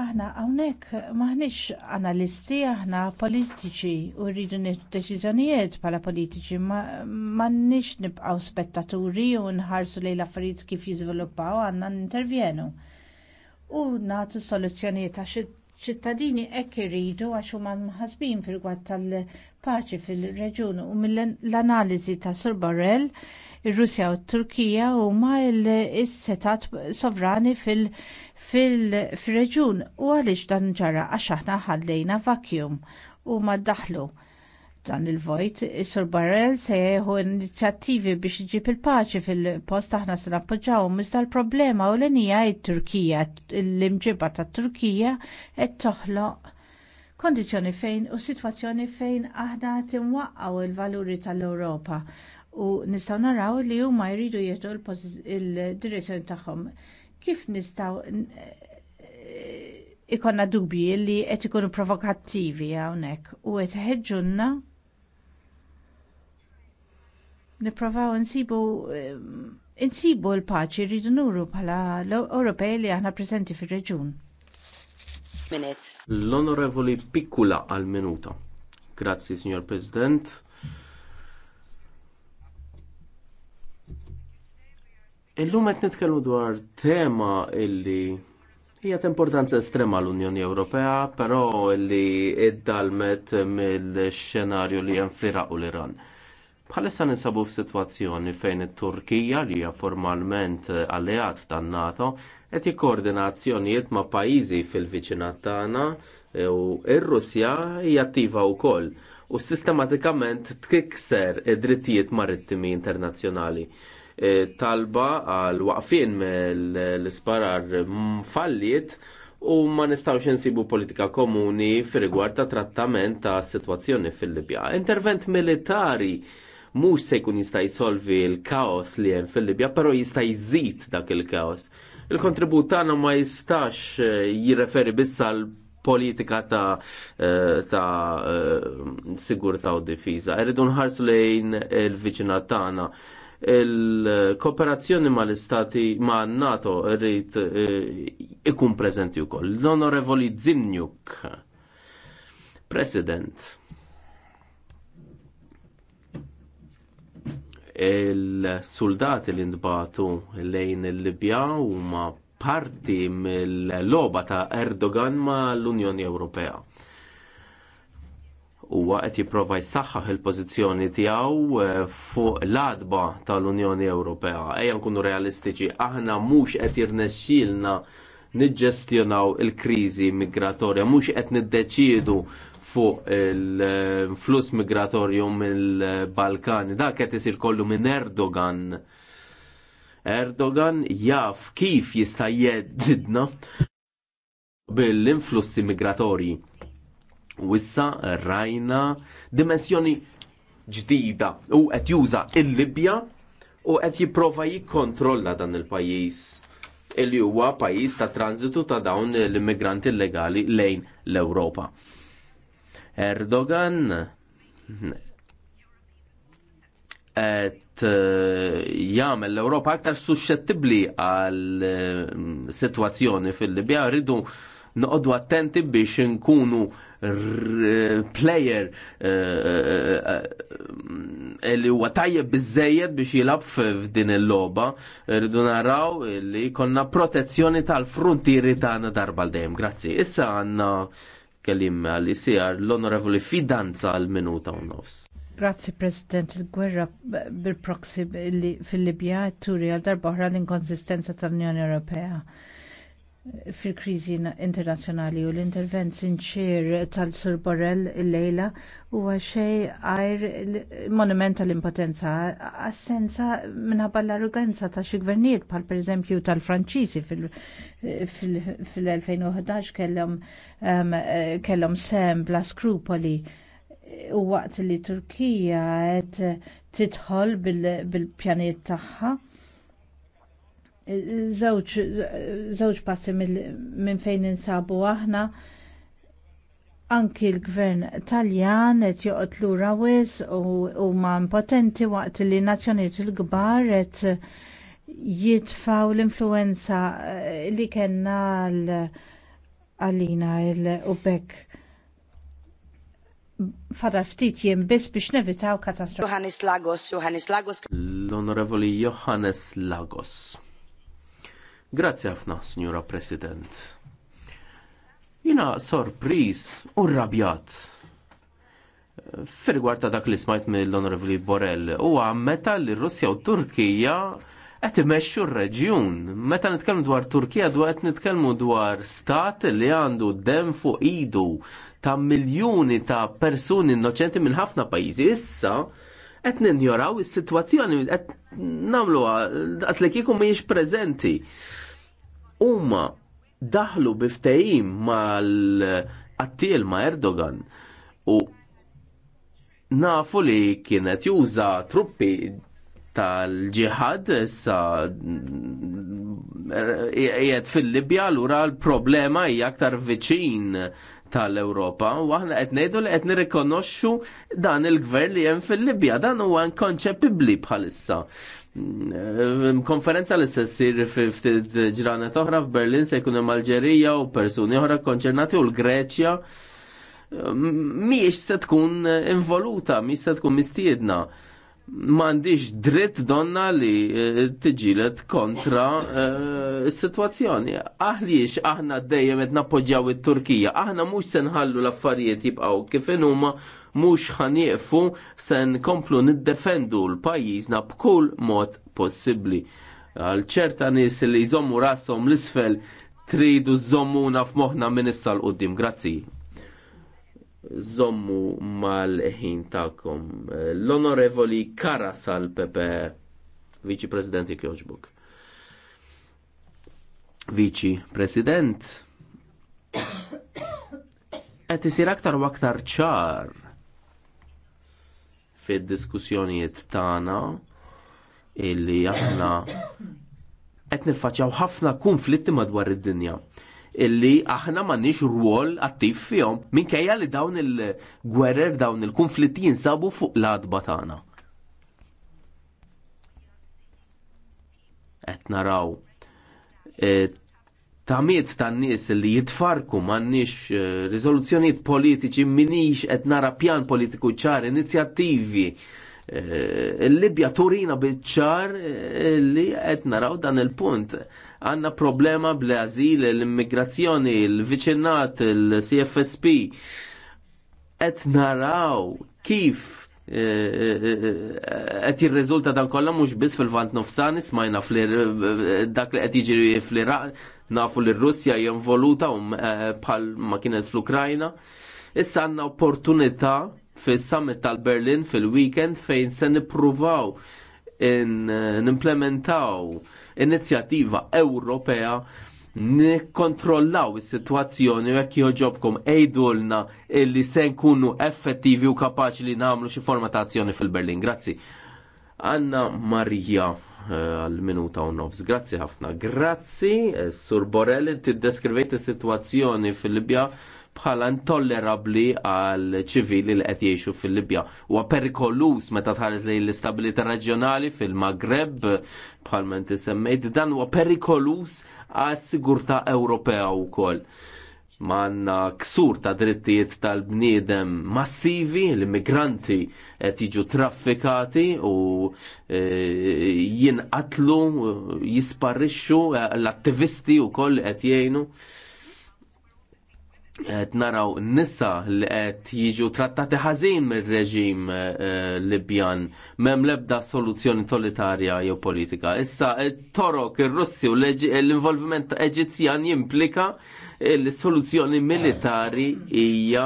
Aħna hawnhekk maħniex analisti, aħna politiċi u rridu deċiżjonijiet bħala politiċi m'għandniex nibqgħu spettaturi u nħarsu lejn l-affarijiet kif jiżviluppaw għandna nintervjenu. U nagħtu soluzzjonijiet għax ċittadini hekk irridu għax huma mħasbin fil-gwatt tal-paċi fil-reġun u mill-analiżi ta' Sur Borrell ir-Russja u t-Turkija huma s setat sovrani fil- fil-reġun u għaliex dan ġara għax aħna ħallejna vacuum u ma daħlu dan il-vojt, Sir Barrel se jieħu inizjattivi biex iġib il-paċi fil-post aħna se nappoġġaw Mista l-problema u l-inija turkija l-imġiba ta' Turkija qed toħloq kondizjoni fejn u sitwazzjoni fejn aħna timwaqqaw il-valuri tal-Ewropa u nistgħu naraw li huma jridu jieħdu l-direzzjoni tagħhom. Kif nistaw eh, ikonna dubji li qed ikunu provokattivi hawnhekk u qed ħeġġunna nipprovaw insibu eh, insibu l-paċi rridu nuru bħala l-Ewropej li aħna preżenti fir-reġun. L-Onorevoli Pikkula għal minuta. Grazzi, Signor President Illum qed nitkellmu dwar tema illi hija ta' importanza estrema l-Unjoni Ewropea, però illi iddalmet mill-xenarju li hemm fl-Iraq u l-Iran. Bħalissa ninsabu f'sitwazzjoni fejn it-Turkija li hija formalment alleat tan-NATO qed jikkoordina azzjonijiet ma' pajjiżi fil-viċinat tagħna e, u r-Russja hija attiva wkoll u sistematikament tkikser id-drittijiet marittimi internazzjonali. E, talba għal waqfin l-isparar falliet u ma nistawx insibu politika komuni fil rigward ta' trattament ta' situazzjoni fil-Libja. Intervent militari mhux se jkun jista' jsolvi l-kaos li hemm fil-Libja, però jista' jżid dak il-kaos. Il-kontribut tagħna ma jistax e, jirreferi biss għal politika ta', e, ta sigurta u difiża. Irridu nħarsu lejn il-viċinat tagħna il-kooperazzjoni ma l-istati ma NATO rrit eh, ikun prezenti u koll. L-onorevoli Zimniuk, president, il-soldati li ndbatu lejn il-Libja u ma parti mill-loba ta' Erdogan ma l-Unjoni Ewropea huwa qed jipprova jsaħħaħ il-pożizzjoni tiegħu eh, fuq l-adba tal-Unjoni Ewropea. Ejja nkunu realistiċi, aħna mhux qed jirnexxielna niġġestjonaw il-kriżi migratorja, mhux qed niddeċiedu fuq il fluss migratorju mill-Balkani. Dak qed isir kollu minn Erdogan. Erdogan jaf kif jista' jeddidna bil-influssi migratorji U issa rajna dimensjoni ġdida u qed juża l libja u qed jipprova jikkontrolla dan il-pajjiż illi huwa pajjiż ta' tranzitu ta' dawn l-immigranti illegali lejn l-Ewropa. Erdogan et eh, jagħmel l-Ewropa aktar suscettibbli għal eh, sitwazzjoni fil-Libja rridu noqogħdu attenti biex inkunu player eh, eh, eh, li huwa tajjeb biżejjed biex jilab f'din il-logħba, rridu naraw li konna protezzjoni tal-frontieri tagħna darba dejjem. Grazzi. Issa għandna kellim għal isijar l-onorevoli fidanza għal minuta u nofs. Grazzi President, il-gwerra bil-proxy fil-Libja turi għal darba oħra l-inkonsistenza tal-Unjoni Ewropea fil-kriżi internazzjonali u l-intervent sinċir tal-Sur Borrell illejla huwa xej għajr monument tal-impotenza assenza minħabba l-arroganza ta' xi gvernijiet bħal pereżempju tal-Franċiżi fil-2011 kellhom ehm, kellhom sem bla skrupoli u waqt li Turkija qed tidħol bil-pjaniet tagħha żewġ passi minn fejn insabu aħna anki l-gvern taljan qed joqgħod lura wis u huma impotenti waqt li nazzjonijiet il-kbar qed jitfaw l-influenza eh, li kellna għalina l-ubek fada ftit jien biss biex nevitaw katastrofi. Johannes Lagos, Johannes Lagos. L-Onorevoli Johannes Lagos. Grazzi ħafna, Signora President. Jina sorpriż u rrabjat Fir gwarta dak li smajt mill-Onorevoli Borrell, u meta li Russja u Turkija qed imexxu r-reġjun. Meta nitkellmu dwar Turkija dwar qed nitkellmu dwar stat li għandu dem fuq idu ta' miljuni ta' persuni innoċenti minn ħafna pajjiżi. Issa qed ninjoraw is-sitwazzjoni qed nagħmluha daqslek jieku mhijiex preżenti huma daħlu biftejim mal qattil ma' Erdogan u nafu li kienet juża truppi tal-ġihad issa jgħed fil-Libja l-ura l-problema hija aktar viċin tal-Ewropa u aħna qed ngħidu li qed nirrikonoxxu dan il-gvern li hemm fil-Libja dan huwa inkonċepibbli bħalissa. Mm, eh, konferenza li se ssir ftit ġranet oħra f'Berlin se jkun hemm Alġerija u persuni oħra konċernati u l-Greċja miex mm, se tkun involuta, miex se tkun mistiedna mandiġ dritt donna li eh, tiġilet kontra eh, s-situazzjoni. Aħliex aħna dejjem qed nappoġġjaw it-Turkija, aħna mhux se nħallu l-affarijiet jibqgħu kif huma mhux ħanieqfu se nkomplu niddefendu l-pajjiżna b'kull mod possibbli. Għal ċerta nies li jżommu rashom l-isfel tridu żommuna f'moħħna minn issa l qoddim Grazzi zommu mal-ħin tagħkom. L-onorevoli Karasal Pepe, Viċi President Kjoġbuk. Viċi President, qed isir aktar u aktar ċar fid-diskussjonijiet tagħna illi aħna qed niffaċċjaw ħafna konflitti madwar id-dinja illi aħna m'għandniex rwol attiv fihom minkejja li dawn il-gwerer dawn il-konflitti jinsabu fuq l-adba tagħna. Qed naraw e, tamiet tan nies li jitfarku m'għandniex e, riżoluzzjonijiet politiċi minix qed nara pjan politiku ċar, inizjattivi Eh, Il-Libja turina bitċar eh, li qed naraw dan il-punt. Għanna problema bl-azil, l-immigrazzjoni, l-viċinat, l-CFSP. Qed naraw kif eh, qed jirriżulta dan kollha mhux biss fil-vant nofsan ismajna dak li qed jiġri fl-Iraq nafu li r-Russja involuta um, bħal ma kienet fl-Ukrajna. Issa għandna opportunità fis-summit tal-Berlin fil-weekend fejn se nippruvaw nimplementaw inizjattiva Ewropea nikkontrollaw is-sitwazzjoni u jekk joġobkom ejdulna illi se nkunu effettivi u kapaċi li nagħmlu xi forma ta' azzjoni fil-Berlin. Grazzi. Anna Marija eh, għal-minuta u nofs. Grazzi ħafna. Grazzi, eh, Sur Borelli, tiddeskrivejt is-sitwazzjoni fil-Libja bħala intollerabli għal ċivili li qed jgħixu fil-Libja. Huwa perikolus meta tħares lejn l-istabilità reġjonali fil-Maghreb ma inti semmejt dan huwa perikolus għas sigurtà Ewropea wkoll. Manna ksur ta' drittijiet tal-bniedem massivi, l-immigranti qed jiġu traffikati u e, jinqatlu, jisparixxu, l-attivisti wkoll qed jgħinu qed naraw nisa li qed jiġu trattati ħażin mir-reġim eh, eh, Libjan m'hemm l-ebda soluzzjoni totalitarja jew politika. Issa eh, torok ir-Russi u l-involviment Eġizzjan jimplika l-soluzzjoni militari hija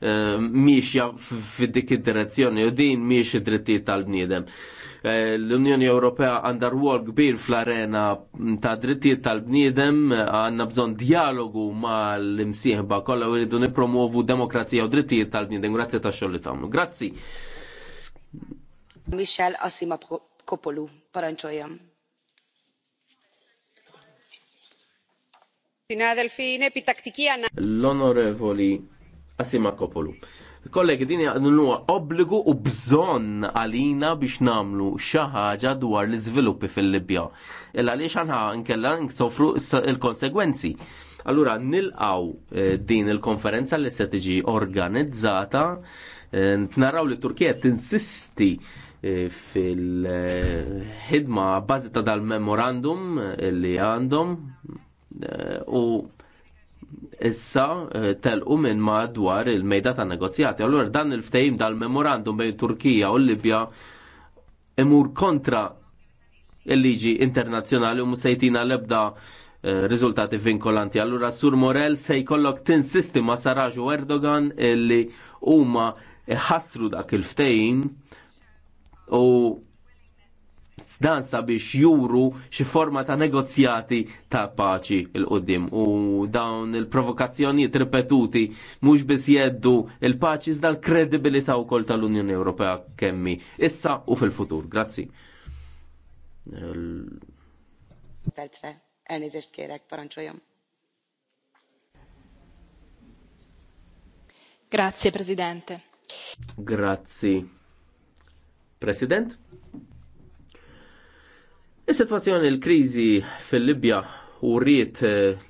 miexja f'dik id-direzzjoni u din miex id-drittijiet tal-bniedem. L-Unjoni Ewropea għandha rwol kbir fl-arena ta' drittijiet tal-bniedem, għandna bżonn dialogu l imsieħba kollha u rridu nippromovu demokrazija u drittijiet tal-bniedem. Grazzi ta' xogħol li tagħmlu. Grazzi. Michel Asima Kopolu, paranċoja. L-onorevoli Asima Kopolu. Kollegi, din huwa obbligu u bżonn għalina biex namlu xi ħaġa dwar l-iżviluppi fil-Libja. Illa għaliex xanħa nkella nsofru il-konsegwenzi. Allura nilqaw eh, din il-konferenza li se tiġi organizzata, eh, naraw li Turkija tinsisti eh, fil-ħidma bażita dal-memorandum li għandhom u issa eh, telqu minn madwar il-mejda ta' negozjati. Allura dan il-ftehim dal-memorandum bejn Turkija u Libja imur kontra il-liġi internazzjonali u musajtina l-ebda eh, riżultati vinkolanti. Allura Sur Morel se jkollok tinsisti ma' Saraġu Erdogan illi huma ħassru dak il-ftehim u dan sabiex juru xi forma ta' negozjati ta' paċi il-qoddim u dawn il-provokazzjonijiet ripetuti mhux biss jeddu il-paċi iżda l-kredibilità wkoll tal-Unjoni Ewropea kemmi issa u fil-futur. Grazzi. Perce, elnézést kérek, Grazie, Presidente. Grazie. President? Is-sitwazzjoni l-kriżi fil-Libja u rrit eh,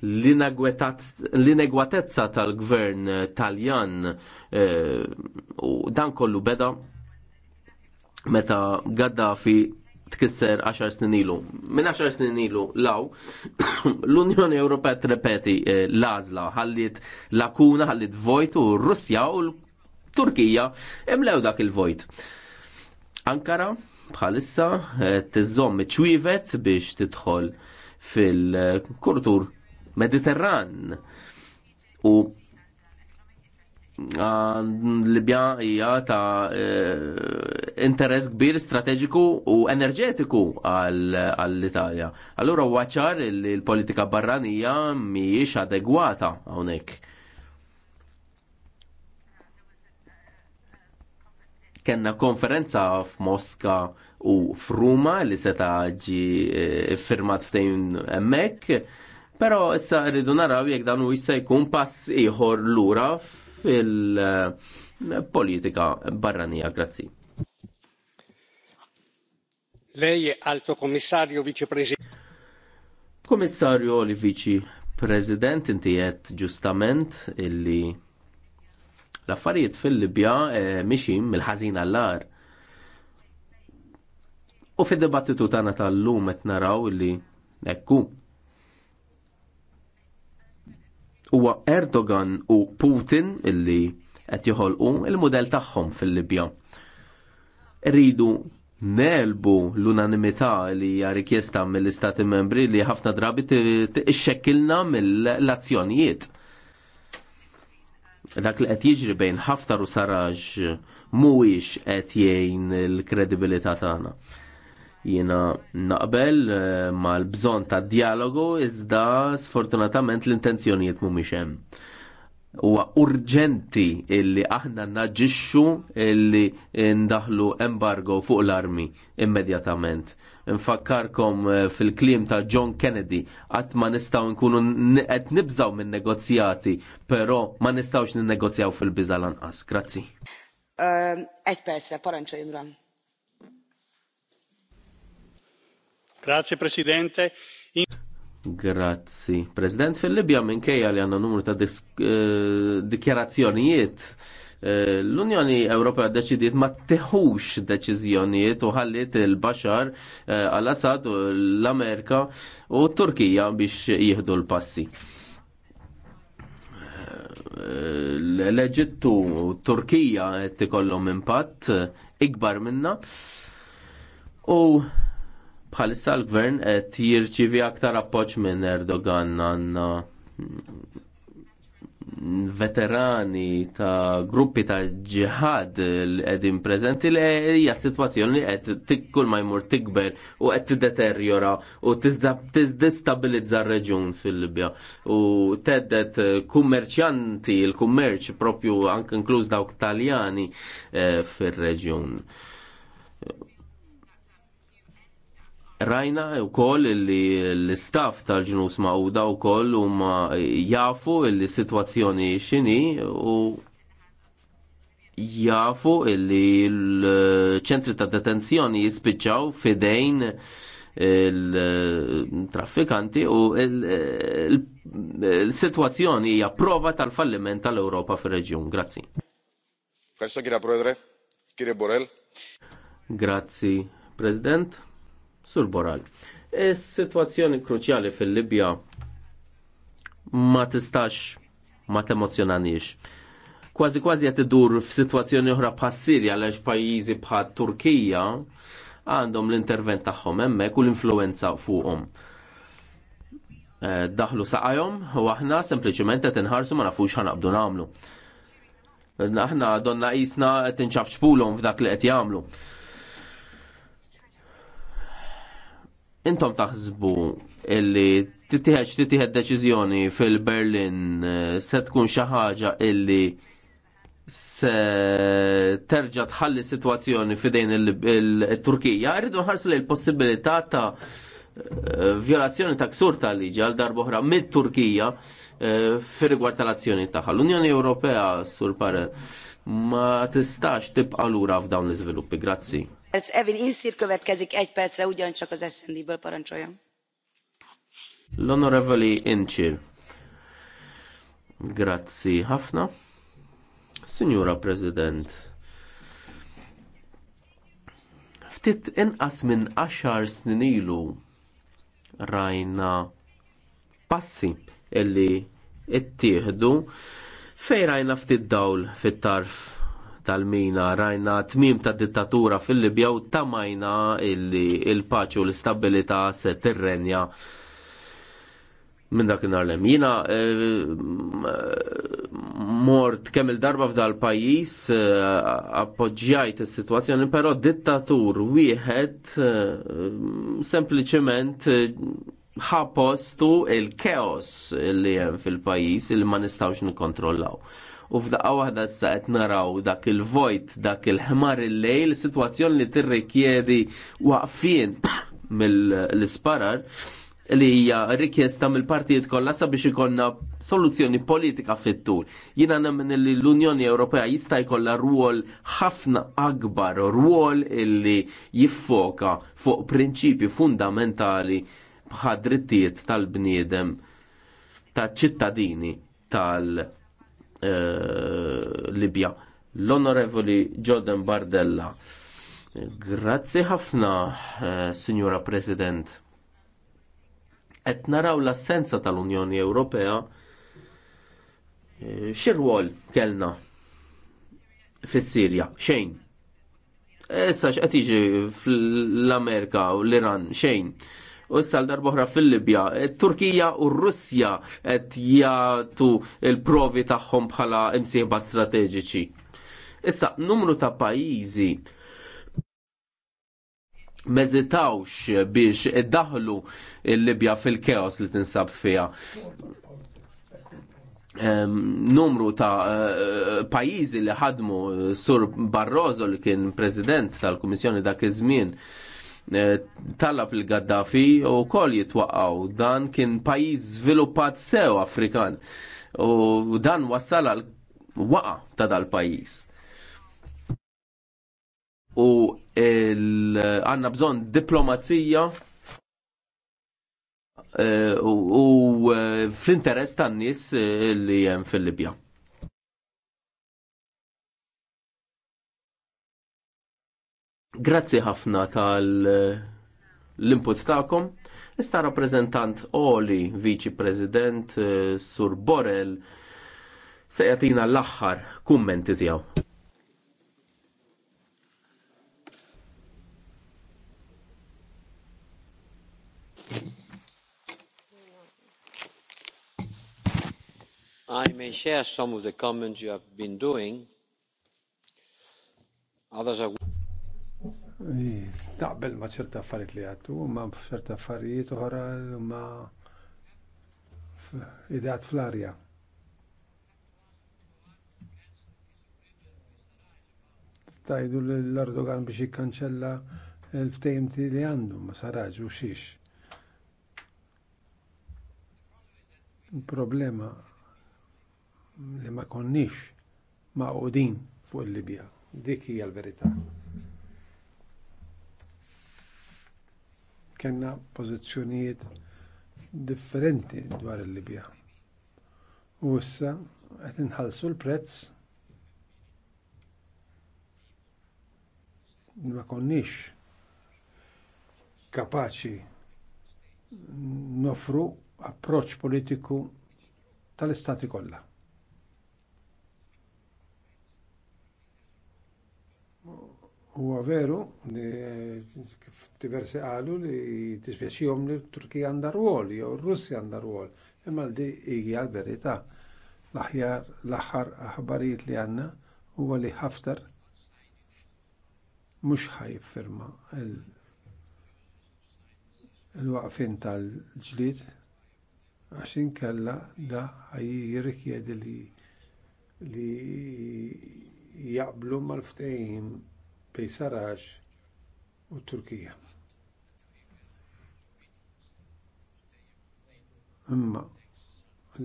l-inegwatezza tal-gvern eh, taljan eh, u dan kollu beda meta Gaddafi tkisser 10 snin ilu. Minn 10 snin ilu law, l-Unjoni Ewropea trepeti l-azla, ħallit lakuna, ħallit vojt u Russja u l-Turkija imlew dak il-vojt. Ankara bħalissa eh, tiżomm ċwivet biex tidħol fil-kultur mediterran u l-Libja hija ta' eh, interess kbir strateġiku u enerġetiku għall-Italja. Allura waċar li l-politika barranija mhijiex adegwata hawnhekk kena konferenza f'Mosca u f'Ruma li seta ġi eh, firmat f-tejn hemmhekk, però issa rridu naraw jekk dan u jista' jkun pass l lura fil-politika barranija. Grazzi. Lei Alto Commissario Vicepresidente. Commissario li Vici President inti ġustament illi L-affarijiet fil-Libja eh, mixim mill-ħażin għall-ar. U fid-dibattitu tagħna tal-lum qed naraw li ekku huwa Erdogan u Putin illi qed joħolqu il-mudell tagħhom fil-Libja. Rridu nelbu l-unanimità li hija rikjesta mill-Istati membri li ħafna drabi tixxekkilna mill-azzjonijiet dak li qed jiġri bejn Haftar u Sarraj mhuwiex qed jgħin il-kredibilità tagħna. Jiena naqbel eh, mal-bżonn ta' dialogu iżda sfortunatament l-intenzjonijiet mhumiex hemm. Huwa urġenti illi aħna naġixxu illi ndaħlu embargo fuq l-armi immedjatament nfakkarkom eh, fil-klim ta' John Kennedy għat ma nistaw nkunu qed nibżaw minn negozjati, però ma nistawx ninnegozjaw fil biza lanqas. Grazzi. Eħt ehm, persa, paranċo Imran. Grazie Presidente. Grazzi. President fil-Libja minkejja li għanna numru ta' eh, dikjarazzjonijiet Eh, L-Unjoni Ewropea deċidiet ma teħux deċiżjonijiet u ħallit il-Bashar għal-Assad eh, u l-Amerika u Turkija biex jieħdu l-passi. Eh, L-Eġittu u Turkija qed ikollhom impatt ikbar minna u bħalissa l-gvern qed jirċivi aktar appoġġ minn Erdogan għandna veterani ta' gruppi ta' ġihad li għedin prezenti li hija situazzjoni li qed tikkul ma jmur tikber u qed tiddeterjora u tiddestabilizza r reġun fil-Libja. U teddet kummerċjanti il-kummerċ propju anke inkluż dawk Taljani eh, fir reġun Rajna u koll li l-staff tal-ġnus mawda u koll u ma jafu li situazzjoni xini u jafu li l-ċentri ta' detenzjoni jispiċċaw fidejn il-traffikanti u il-situazzjoni hija prova tal-falliment tal europa fir-reġjun. Grazzi. Grazzi, Grazzi, President. Sur Boral. Is-sitwazzjoni kruċjali fil-Libja ma tistax ma temozjonanix. Kważi kważi qed idur f'sitwazzjoni oħra bħas Sirja għaliex pajjiżi bħal Turkija għandhom l-intervent tagħhom hemmhekk u l-influenza fuqhom. Eh, daħlu saqajhom u aħna sempliċement qed inħarsu ma nafux ħanqabdu nagħmlu. Aħna donna qisna qed inċabċpulhom f'dak li qed jagħmlu. intom taħsbu illi titieħed titieħed deċiżjoni fil-Berlin eh, se tkun xi ħaġa illi se terġa' tħalli situazzjoni f'idejn il-Turkija, rridu nħarsu li l-possibilità ta' eh, violazzjoni ta' ksur ta' liġi għal darba oħra mid-Turkija eh, fir-rigward tal-azzjoni tagħha. L-Unjoni Ewropea sur pare ma tistax tibqa' lura f'dawn l-iżviluppi. Grazzi. Evin Insir következik egy percre ugyancsak az SND-ből parancsoljon. L-Onorevoli Insir. Grazzi ħafna. Signora President, ftit inqas minn 10 snin rajna passi illi ittieħdu Fejrajna ftit dawl fit-tarf tal-mina rajna tmim ta' dittatura fil-Libja u tamajna il u l-istabilita se tirrenja minn dak narlem. Jina eh, mort kemm il-darba f'dal pajis eh, appoġġjajt is-sitwazzjoni, però dittatur wieħed eh, sempliċement ħa postu il-keos li hemm fil-pajis li ma nistgħux nikkontrollaw u f'daqqa waħda issa qed naraw dak il-vojt, dak il-ħmar il-lejl, sitwazzjoni li tirrikjedi waqfien mill-isparar li hija rikjesta mill-partijiet kollha sabiex ikonna soluzzjoni politika fit-tul. Jiena nemmen li l-Unjoni Ewropea jista' jkollha rwol ħafna akbar, rwol illi jiffoka fuq prinċipji fundamentali bħad drittijiet tal-bniedem ta' ċittadini tal-, tal Eh, Libja. L-Onorevoli Jordan Bardella. Grazzi ħafna, eh, Signora President. Qed naraw l-assenza tal-Unjoni Ewropea eh, xirwol kellna fis-Sirja, xejn. Issa x'qed jiġi fl-Amerika u l-Iran xejn u s-sal darbohra fil-Libja. Eh, Turkija u Russja qed jagħtu il-provi tagħhom bħala imsieħba strateġiċi. Issa numru ta' pajjiżi meżitawx biex iddaħlu il-Libja fil-keos li tinsab fija. Numru ta' eh, pajizi li ħadmu eh, Sur Barroso li kien president tal-Kummissjoni dak iż-żmien Eh, talab il-Gaddafi u kol jitwaqaw. Dan kien pajjiż żviluppat sew Afrikan u dan wassal għal waqa ta' dal-pajjiż. U għanna bżon diplomazija eh, u eh, fl-interess tan-nies li hemm fil-Libja. Grazzi ħafna tal-input eh, l ta'kom. Ista rappresentant Oli, Viċi President, eh, Sur Borel, se jatina l-axħar kummenti tijaw. I may share some of the comments you have been doing. Others are Taqbel ma ċerta affarijiet li għattu, ma ċerta affarijiet uħra, ma idat fl-arja. Tajdu l-Erdogan biex jikkanċella l-ftejmti li għandu, ma saraġ u xiex. Problema li ma konniex ma' fuq il-Libja. Dik hija l-verità. kena pożizzjonijiet differenti dwar il-Libja. U issa qed inħallsu l-prezz ma konniex kapaċi nofru approċ politiku tal-istati kollha. Huwa veru li kif diversi għalu li jom li Turkija għandha rwol, jew Russi għandha rwol. Imma l-di hija għal verità L-aħjar l-aħħar aħbarijiet li għandna huwa li Haftar mhux firma il-waqfin tal-ġlid għaxin kella da jirrikjedi li li jaqblu mal-ftehim bej Saraġ u Turkija. Imma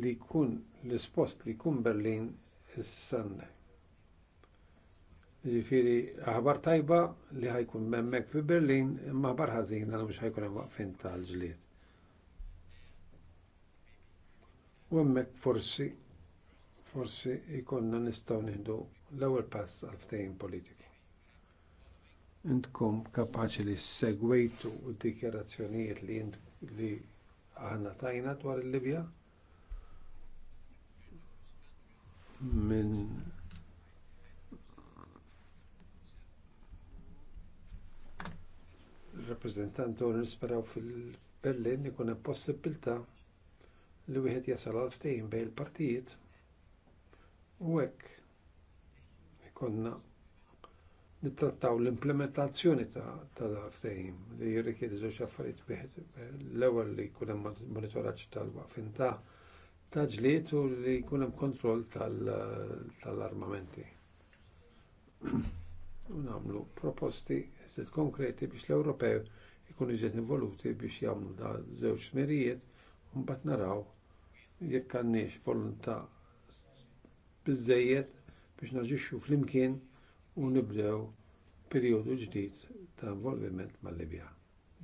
li jkun l-ispost li jkun Berlin is-Sunday. Ġifiri, aħbar tajba li ħajkun memmek fi Berlin, imma aħbar ħazin għal mhux ħajkun hemm waqfin tal-ġlied. U hemmhekk forsi forsi jkollna nistgħu nieħdu l-ewwel pass għal ftejn politiku. Intkom kapaċi li segwejtu d dikjarazzjonijiet li, li aħna tajna dwar il-Libja minn rappresentantu nisperaw fil-Berlin ikun hemm possibilità li wieħed jasal għal ftehim bejn il-partijiet u hekk ikonna nittrattaw l-implementazzjoni ta' ftehim li jirrikjedi zoċ affarijiet biħed L-ewwel li jkun hemm monitoraġġ tal-waqfin ta' ta' ġlied u li jkun hemm kontroll tal-armamenti. U nagħmlu proposti żied konkreti biex l-Ewropew jkunu iżjed involuti biex jagħmlu da' żewġ smerijiet u mbagħad naraw jekk għandniex volontà biżejjed biex naġixxu flimkien u nibdew periodu ġdid ta' involviment mal-Libja.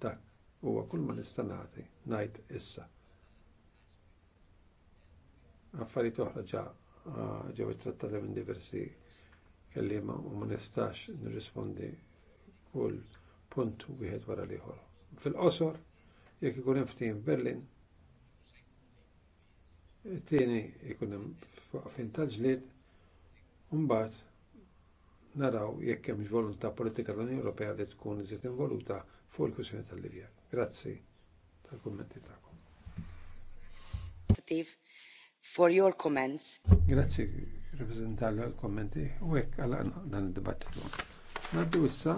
Dak huwa kull ma nista' nagħti ngħid issa. Affarijiet oħra ġa ah, ġew ittrattati minn diversi kelliema u ma nistax nirrispondi kull punt wieħed wara l-ieħor. Fil-qosor, jekk ikun hemm ftin f'Berlin, it-tieni ikun hemm fin tal-ġlied, u mbagħad naraw jekk hemm volontà politika tal-Unjoni Ewropea li tkun iżiet involuta fuq il-kwissjoni tal-Libja. Grazzi tal-kummenti tagħkom. For your comments. Grazzi rappresentar l-kommenti u hekk għal dan id-dibattitu. Naddu issa